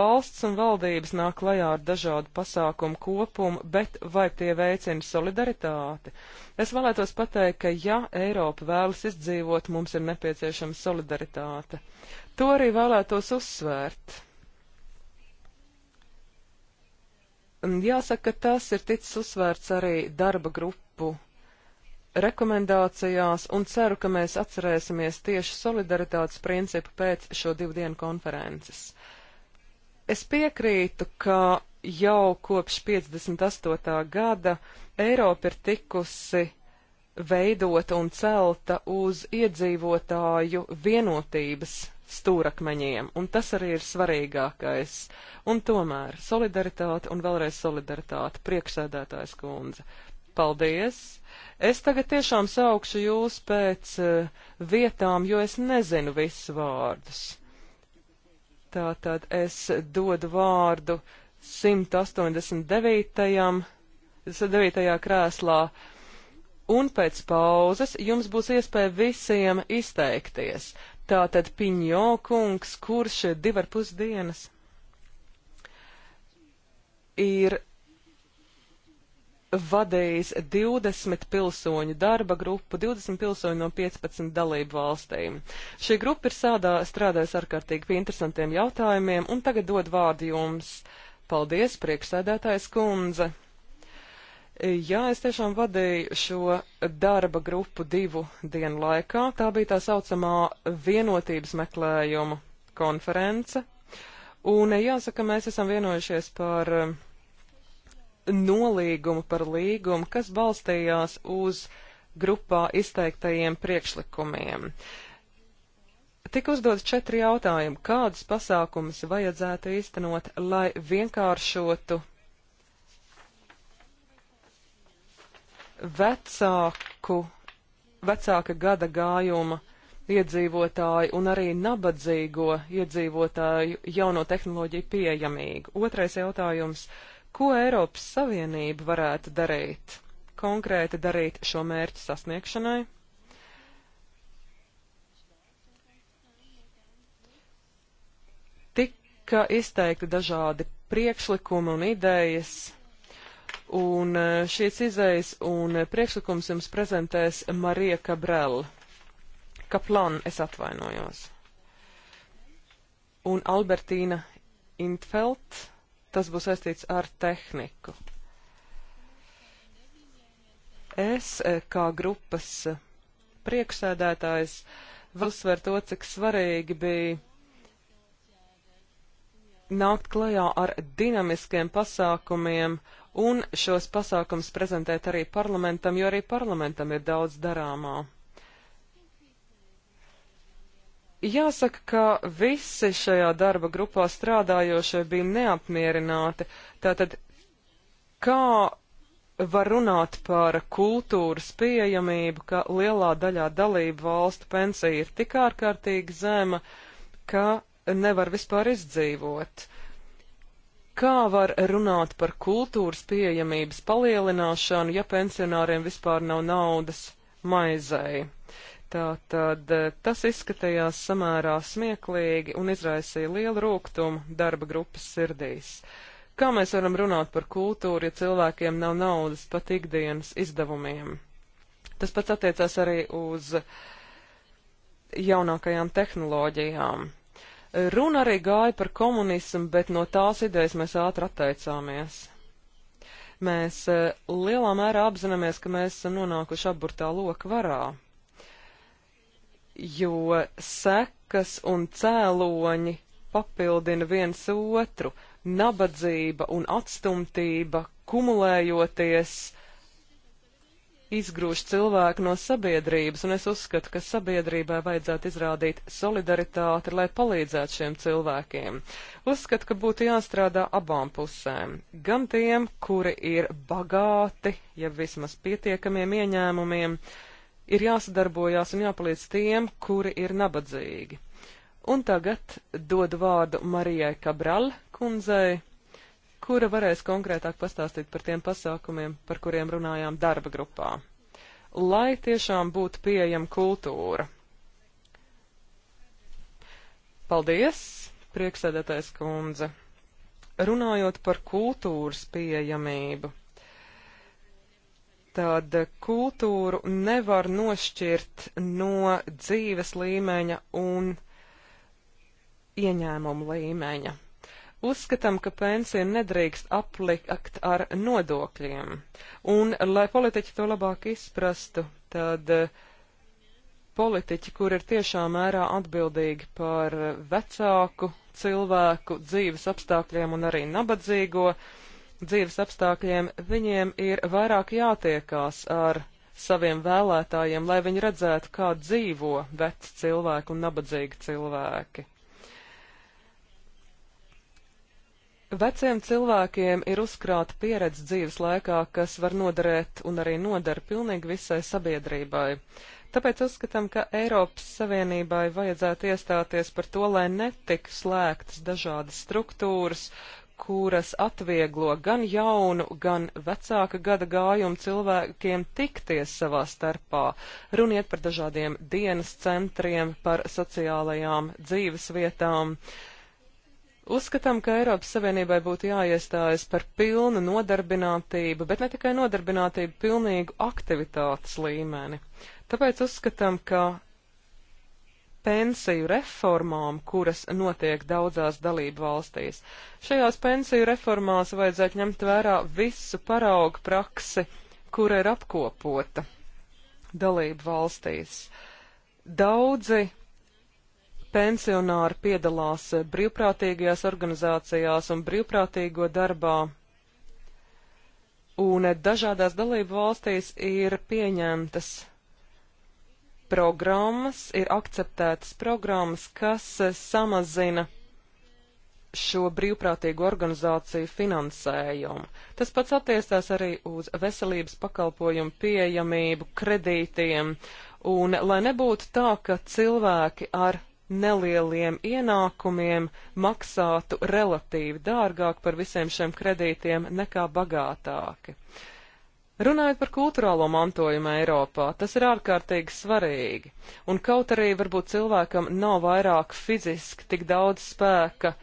Valsts un valdības nāk klajā ar dažādu pasākumu kopumu, bet vai tie veicina solidaritāti? Es vēlētos pateikt, ka ja Eiropa vēlas izdzīvot, mums ir nepieciešama solidaritāte. To arī vēlētos uzsvērt. Jāsaka, ka tas ir ticis uzsvērts arī darba grupu rekomendācijās un ceru, ka mēs atcerēsimies tieši solidaritātes principu pēc šo divu dienu konferences. Es piekrītu, ka jau kopš 58. gada Eiropa ir tikusi veidota un celta uz iedzīvotāju vienotības stūrakmeņiem, un tas arī ir svarīgākais. Un tomēr solidaritāte un vēlreiz solidaritāte priekšsēdētājs kundze. Paldies! Es tagad tiešām saukšu jūs pēc uh, vietām, jo es nezinu visus vārdus. Tātad es dodu vārdu 189. 109. krēslā un pēc pauzes jums būs iespēja visiem izteikties. Tātad Piņo kungs, kurš divar pusdienas ir vadījis 20 pilsoņu darba grupu, 20 pilsoņu no 15 dalību valstīm. Šī grupa ir sādā, strādājusi ārkārtīgi pie interesantiem jautājumiem, un tagad dod vārdu jums. Paldies, priekšsēdētājs kundze! Jā, es tiešām vadīju šo darba grupu divu dienu laikā. Tā bija tā saucamā vienotības meklējuma konference. Un jāsaka, mēs esam vienojušies par um, nolīgumu, par līgumu, kas balstījās uz grupā izteiktajiem priekšlikumiem. Tik uzdot četri jautājumi, kādas pasākumas vajadzētu īstenot, lai vienkāršotu vecāku, vecāka gada gājuma iedzīvotāju un arī nabadzīgo iedzīvotāju jauno tehnoloģiju pieejamīgu. Otrais jautājums - ko Eiropas Savienība varētu darīt? Konkrēti darīt šo mērķu sasniegšanai? Tika izteikti dažādi priekšlikumi un idejas Un eh, šīs izejas un eh, priekšlikums jums prezentēs Marija Kabrel. Kaplan, es atvainojos. Un Albertīna Intfeld, tas būs saistīts ar tehniku. Es, eh, kā grupas priekšsēdētājs, vēl sver to, cik svarīgi bija nākt klajā ar dinamiskiem pasākumiem un šos pasākums prezentēt arī parlamentam, jo arī parlamentam ir daudz darāmā. Jāsaka, ka visi šajā darba grupā strādājošie bija neapmierināti. Tātad, kā var runāt par kultūras pieejamību, ka lielā daļā dalību valstu pensija ir tik ārkārtīgi zema, ka nevar vispār izdzīvot? Uh, Kā var runāt par kultūras pieejamības palielināšanu, ja pensionāriem vispār nav naudas maizei? Tātad eh, tas izskatījās samērā smieklīgi un izraisīja lielu rūgtumu darba grupas sirdīs. Kā mēs varam runāt par kultūru, ja cilvēkiem nav naudas pat ikdienas izdevumiem? Tas pats attiecās arī uz jaunākajām tehnoloģijām. Runa arī gāja par komunismu, bet no tās idejas mēs ātri atteicāmies. Mēs e, lielā mērā apzināmies, ka mēs esam nonākuši apburtā loka varā, jo sekas un cēloņi papildina viens otru, nabadzība un atstumtība kumulējoties uh, izgrūž cilvēku no sabiedrības, un es uzskatu, ka sabiedrībai vajadzētu izrādīt solidaritāti, lai palīdzētu šiem cilvēkiem. Uzskatu, ka būtu jāstrādā abām pusēm - gan tiem, kuri ir bagāti, ja vismaz pietiekamiem ieņēmumiem, ir jāsadarbojās un jāpalīdz tiem, kuri ir nabadzīgi. Un tagad dodu vārdu Marijai Kabral kundzei kura varēs konkrētāk pastāstīt par tiem pasākumiem, par kuriem runājām darba grupā. Lai tiešām būtu pieejama kultūra. Paldies, prieksēdētais kundze. Runājot par kultūras pieejamību, tad kultūru nevar nošķirt no dzīves līmeņa un ieņēmumu līmeņa. Uzskatām, ka pensija nedrīkst aplikt ar nodokļiem. Un, lai politiķi to labāk izprastu, tad eh, politiķi, kur ir tiešā mērā atbildīgi par eh, vecāku cilvēku dzīves apstākļiem un arī nabadzīgo dzīves apstākļiem, viņiem ir vairāk jātiekās ar saviem vēlētājiem, lai viņi redzētu, kā dzīvo veci cilvēki un nabadzīgi cilvēki. Veciem cilvēkiem ir uzkrāta pieredze dzīves laikā, kas var noderēt un arī nodara pilnīgi visai sabiedrībai. Tāpēc uzskatām, ka Eiropas Savienībai vajadzētu iestāties par to, lai netiktu slēgtas dažādas struktūras, kuras atvieglo gan jaunu, gan vecāka gada gājumu cilvēkiem tikties savā starpā. Runiet par dažādiem dienas centriem, par sociālajām dzīves vietām. Uh, Uzskatām, ka Eiropas Savienībai būtu jāiestājas par pilnu nodarbinātību, bet ne tikai nodarbinātību, pilnīgu aktivitātes līmeni. Tāpēc uzskatām, ka pensiju reformām, kuras notiek daudzās dalību valstīs, šajās pensiju reformās vajadzētu ņemt vērā visu paraugu praksi, kura ir apkopota dalību valstīs. Daudzi pensionāri piedalās brīvprātīgajās organizācijās un brīvprātīgo darbā. Un dažādās dalību valstīs ir pieņemtas programmas, ir akceptētas programmas, kas samazina šo brīvprātīgo organizāciju finansējumu. Tas pats attiestās arī uz veselības pakalpojumu pieejamību, kredītiem, un lai nebūtu tā, ka cilvēki ar nelieliem ienākumiem maksātu relatīvi dārgāk par visiem šiem kredītiem nekā bagātāki. Runājot par kultūrālo mantojumu Eiropā, tas ir ārkārtīgi svarīgi, un kaut arī varbūt cilvēkam nav vairāk fiziski tik daudz spēka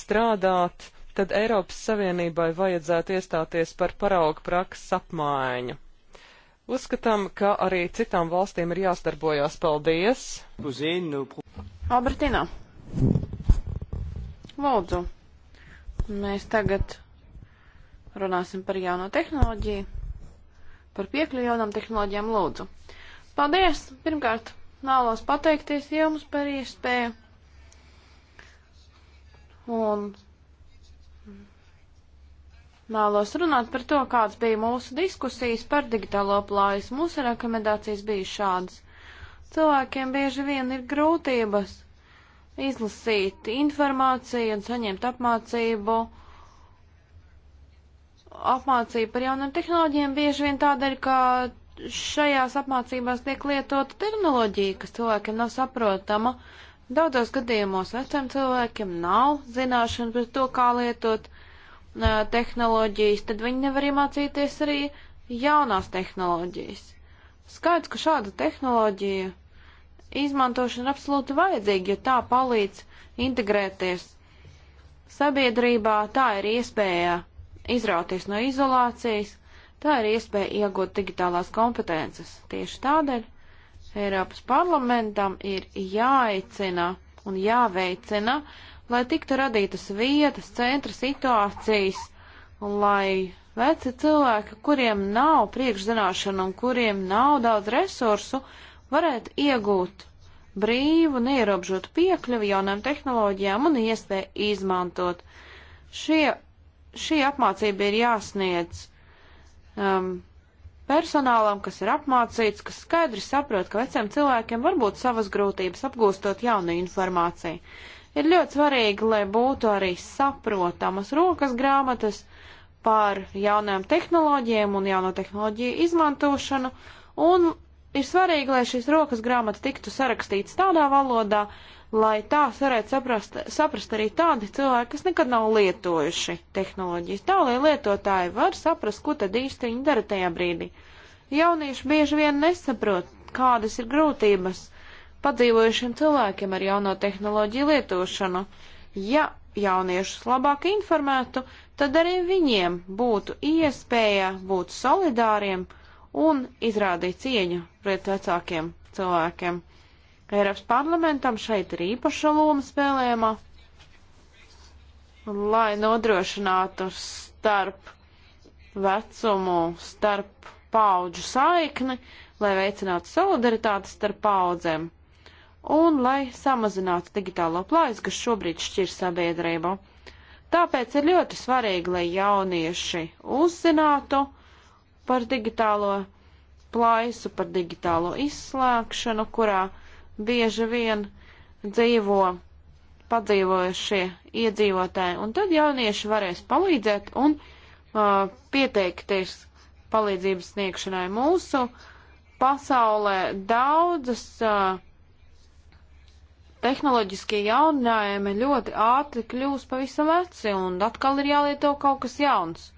strādāt, tad Eiropas Savienībai vajadzētu iestāties par paraugu prakses apmaiņu. Uzskatām, ka arī citām valstīm ir jāstarbojas. Paldies! Uzinu. Albertīna, lūdzu, mēs tagad runāsim par jauno tehnoloģiju, par piekļu jaunām tehnoloģijām lūdzu. Paldies! Pirmkārt, vēlos pateikties jums par iespēju. Un vēlos runāt par to, kādas bija mūsu diskusijas par digitālo plājas. Mūsu rekomendācijas bija šādas. Cilvēkiem bieži vien ir grūtības izlasīt informāciju un saņemt apmācību. Apmācība par jaunām tehnoloģijām bieži vien tādēļ, ka šajās apmācībās tiek lietota terminoloģija, kas cilvēkiem nav saprotama. Daudzos gadījumos veciem cilvēkiem nav zināšana par to, kā lietot uh, tehnoloģijas, tad viņi nevar iemācīties arī jaunās tehnoloģijas. Skaidrs, ka šāda tehnoloģija izmantošana ir absolūti vajadzīga, jo tā palīdz integrēties sabiedrībā, tā ir iespēja izrauties no izolācijas, tā ir iespēja iegūt digitālās kompetences. Tieši tādēļ Eiropas parlamentam ir jāicina un jāveicina, lai tiktu radītas vietas, centra situācijas, lai veci cilvēki, kuriem nav priekšzināšana un kuriem nav daudz resursu, uh, varētu iegūt brīvu, neierobežotu piekļuvi jaunām tehnoloģijām un iespēju izmantot. Šie, šī apmācība ir jāsniedz um, personālam, kas ir apmācīts, kas skaidri saprot, ka veciem cilvēkiem var būt savas grūtības apgūstot jaunu informāciju. Ir ļoti svarīgi, lai būtu arī saprotamas rokas grāmatas par jaunajām tehnoloģijām un jauno tehnoloģiju izmantošanu, un ir svarīgi, lai šīs rokas grāmatas tiktu sarakstītas tādā valodā, lai tās varētu saprast, saprast arī tādi cilvēki, kas nekad nav lietojuši tehnoloģijas. Tā, lai lietotāji var saprast, ko tad īsti viņi dara tajā brīdī. Jaunieši bieži vien nesaprot, kādas ir grūtības padzīvojušiem cilvēkiem ar jauno tehnoloģiju lietošanu. Ja jauniešus labāk informētu, tad arī viņiem būtu iespēja būt solidāriem un izrādīja cieņu pret vecākiem cilvēkiem. Eiropas parlamentam šeit ir īpaša loma spēlējama, lai nodrošinātu starp vecumu, starp paudžu saikni, lai veicinātu solidaritāti starp paudzēm un lai samazinātu digitālo plājas, kas šobrīd šķir sabiedrību. Tāpēc ir ļoti svarīgi, lai jaunieši uzzinātu, par digitālo plaisu, par digitālo izslēgšanu, kurā bieži vien dzīvo padzīvojušie iedzīvotāji, un tad jaunieši varēs palīdzēt un uh, pieteikties palīdzības sniegšanai mūsu pasaulē daudzas uh, tehnoloģiskie jauninājumi ļoti ātri kļūst pavisam veci, un atkal ir jālieto kaut kas jauns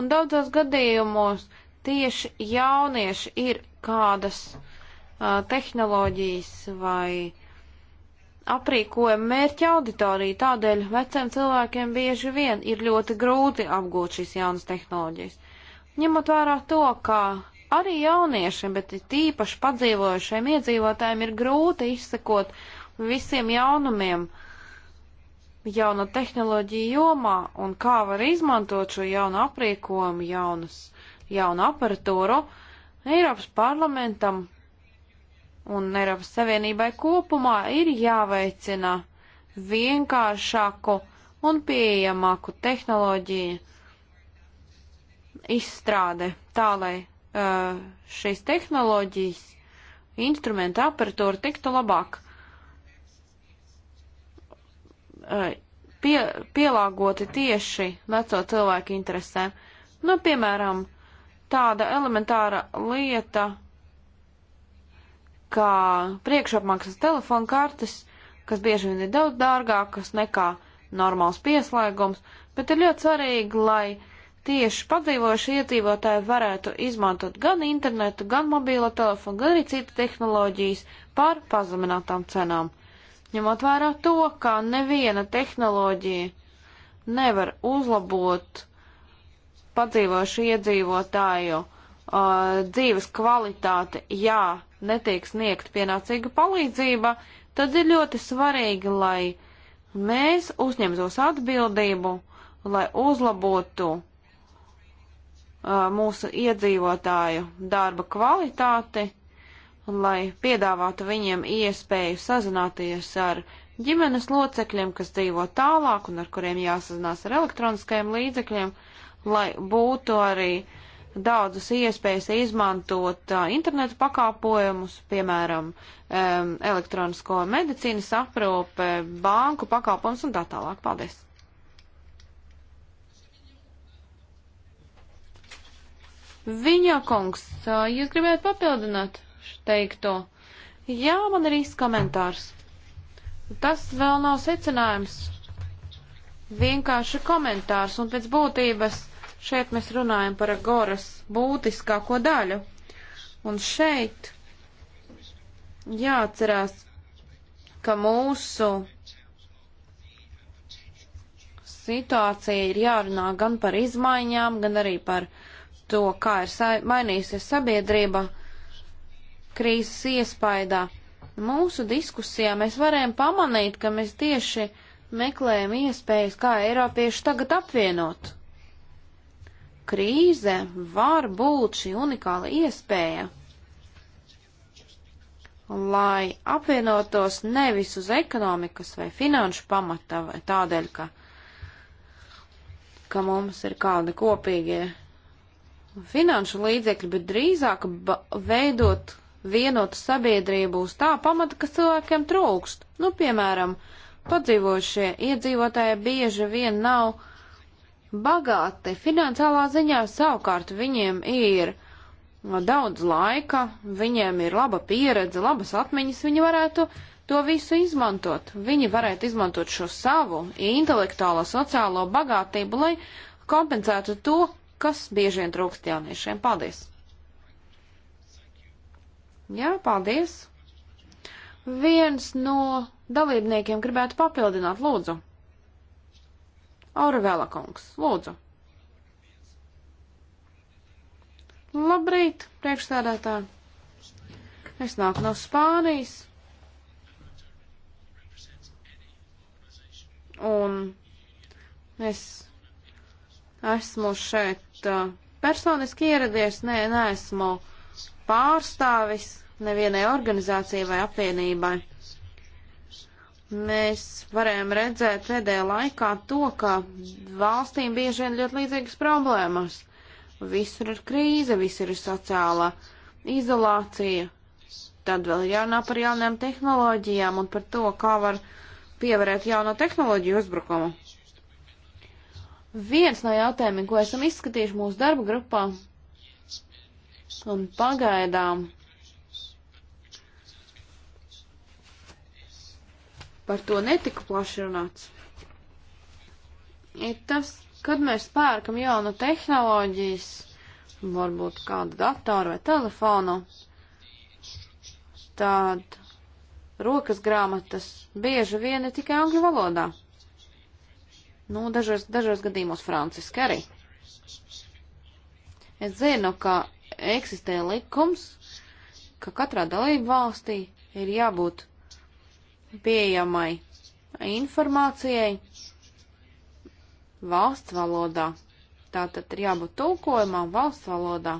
un daudzos gadījumos tieši jaunieši ir kādas uh, tehnoloģijas vai aprīkojuma mērķa auditorija, tādēļ veciem cilvēkiem bieži vien ir ļoti grūti apgūt šīs jaunas tehnoloģijas. Ņemot vērā to, ka arī jauniešiem, bet tīpaši padzīvojušiem iedzīvotājiem ir grūti izsekot visiem jaunumiem, uh, jauno tehnoloģiju jomā un kā var izmantot šo jaunu aprīkojumu, jaunas, jaunu aparatūru Eiropas parlamentam un Eiropas Savienībai kopumā ir jāveicina vienkāršāku un pieejamāku tehnoloģiju izstrāde tā, lai uh, šīs tehnoloģijas instrumenta aparatūra tiktu labāk Eh, pie, pielāgoti tieši veco cilvēku interesēm. Nu, piemēram, tāda elementāra lieta, kā priekšapmaksas telefonkartes, kas bieži vien ir daudz dārgākas nekā normāls pieslēgums, bet ir ļoti svarīgi, lai tieši padzīvojuši iedzīvotāji varētu izmantot gan internetu, gan mobīlo telefonu, gan arī citu tehnoloģijas par pazeminātām cenām ņemot vērā to, ka neviena tehnoloģija nevar uzlabot padzīvošu iedzīvotāju uh, dzīves kvalitāti, ja netiek sniegt pienācīga palīdzība, tad ir ļoti svarīgi, lai mēs uzņemtos atbildību, lai uzlabotu uh, mūsu iedzīvotāju darba kvalitāti un lai piedāvātu viņiem iespēju sazināties ar ģimenes locekļiem, kas dzīvo tālāk un ar kuriem jāsazinās ar elektroniskajiem līdzekļiem, lai būtu arī daudzas iespējas izmantot uh, internetu pakāpojumus, piemēram, um, elektronisko medicīnas aprūpe, banku pakāpojumus un tā tālāk. Paldies! Viņa kungs, jūs gribētu papildināt? teikto. Jā, man ir īsts komentārs. Tas vēl nav secinājums. Vienkārši komentārs, un pēc būtības šeit mēs runājam par agoras būtiskāko daļu. Un šeit jāatcerās, ka mūsu situācija ir jārunā gan par izmaiņām, gan arī par to, kā ir mainījusies sabiedrība krīzes iespaidā. Mūsu diskusijā mēs varējām pamanīt, ka mēs tieši meklējam iespējas, kā Eiropieši tagad apvienot. Krīze var būt šī unikāla iespēja, lai apvienotos nevis uz ekonomikas vai finanšu pamata, vai tādēļ, ka, ka mums ir kādi kopīgie finanšu līdzekļi, bet drīzāk veidot vienotu sabiedrību uz tā pamata, kas cilvēkiem trūkst. Nu, piemēram, padzīvošie iedzīvotāji bieži vien nav bagāti finansiālā ziņā, savukārt viņiem ir daudz laika, viņiem ir laba pieredze, labas atmiņas, viņi varētu to visu izmantot. Viņi varētu izmantot šo savu intelektuālo, sociālo bagātību, lai kompensētu to, kas bieži vien trūkst jauniešiem. Paldies! Jā, paldies. Viens no dalībniekiem gribētu papildināt, lūdzu. Aurevela kungs, lūdzu. Labrīt, priekšstādātāji. Es nāku no Spānijas. Un es esmu šeit uh, personiski ieradies, nē, neesmu. Ne pārstāvis nevienai organizācijai vai apvienībai. Mēs varējām redzēt pēdējā laikā to, ka valstīm bieži vien ļoti līdzīgas problēmas. Visur ir krīze, visur ir sociālā izolācija, tad vēl ir jārunā par jaunām tehnoloģijām un par to, kā var pievērēt jauno tehnoloģiju uzbrukumu. Viens no jautājumiem, ko esam izskatījuši mūsu darba grupā, Un pagaidām par to netika plaši runāts. Ir tas, kad mēs pērkam jaunu tehnoloģijas, varbūt kādu datoru vai telefonu, tad rokas grāmatas bieži vien ir tikai angļu valodā. Nu, dažos, dažos gadījumos franciski arī. Es zinu, ka eksistē likums, ka katrā dalību valstī ir jābūt pieejamai informācijai valsts valodā. Tātad ir jābūt tulkojumam valsts valodā.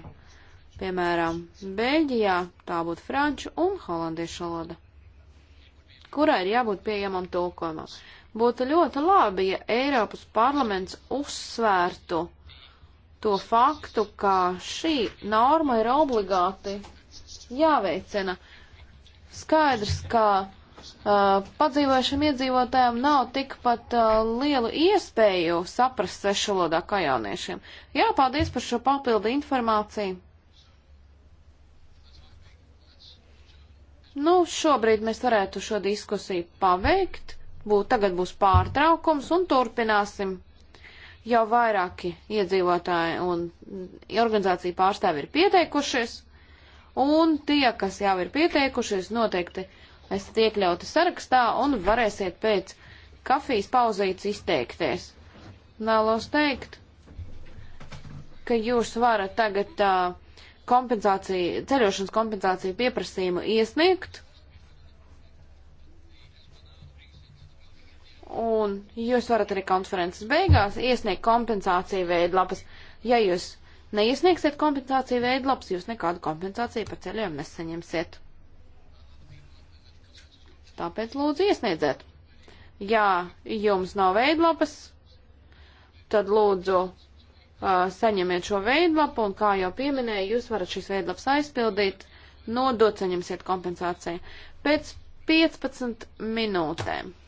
Piemēram, Beļģijā tā būtu franču un holandiešu valoda, kurā ir jābūt pieejamam tulkojumam. Būtu ļoti labi, ja Eiropas parlaments uzsvērtu to faktu, ka šī norma ir obligāti jāveicina. Skaidrs, ka uh, padzīvojušiem iedzīvotājiem nav tikpat uh, lielu iespēju saprast svešvalodā kā jauniešiem. Jā, paldies par šo papildu informāciju. Nu, šobrīd mēs varētu šo diskusiju paveikt. Būt, tagad būs pārtraukums un turpināsim jau vairāki iedzīvotāji un organizācija pārstāvi ir pieteikušies, un tie, kas jau ir pieteikušies, noteikti esat iekļauti sarakstā un varēsiet pēc kafijas pauzītes izteikties. Vēlos teikt, ka jūs varat tagad uh, kompensāciju, ceļošanas kompensāciju pieprasījumu iesniegt, un jūs varat arī konferences beigās iesniegt kompensāciju veidlapas. Ja jūs neiesniegsiet kompensāciju veidlapas, jūs nekādu kompensāciju par ceļojumu nesaņemsiet. Tāpēc lūdzu iesniedziet. Ja jums nav veidlapas, tad lūdzu uh, saņemiet šo veidlapu, un kā jau pieminēju, jūs varat šīs veidlapas aizpildīt, nodot, saņemsiet kompensāciju pēc 15 minūtēm.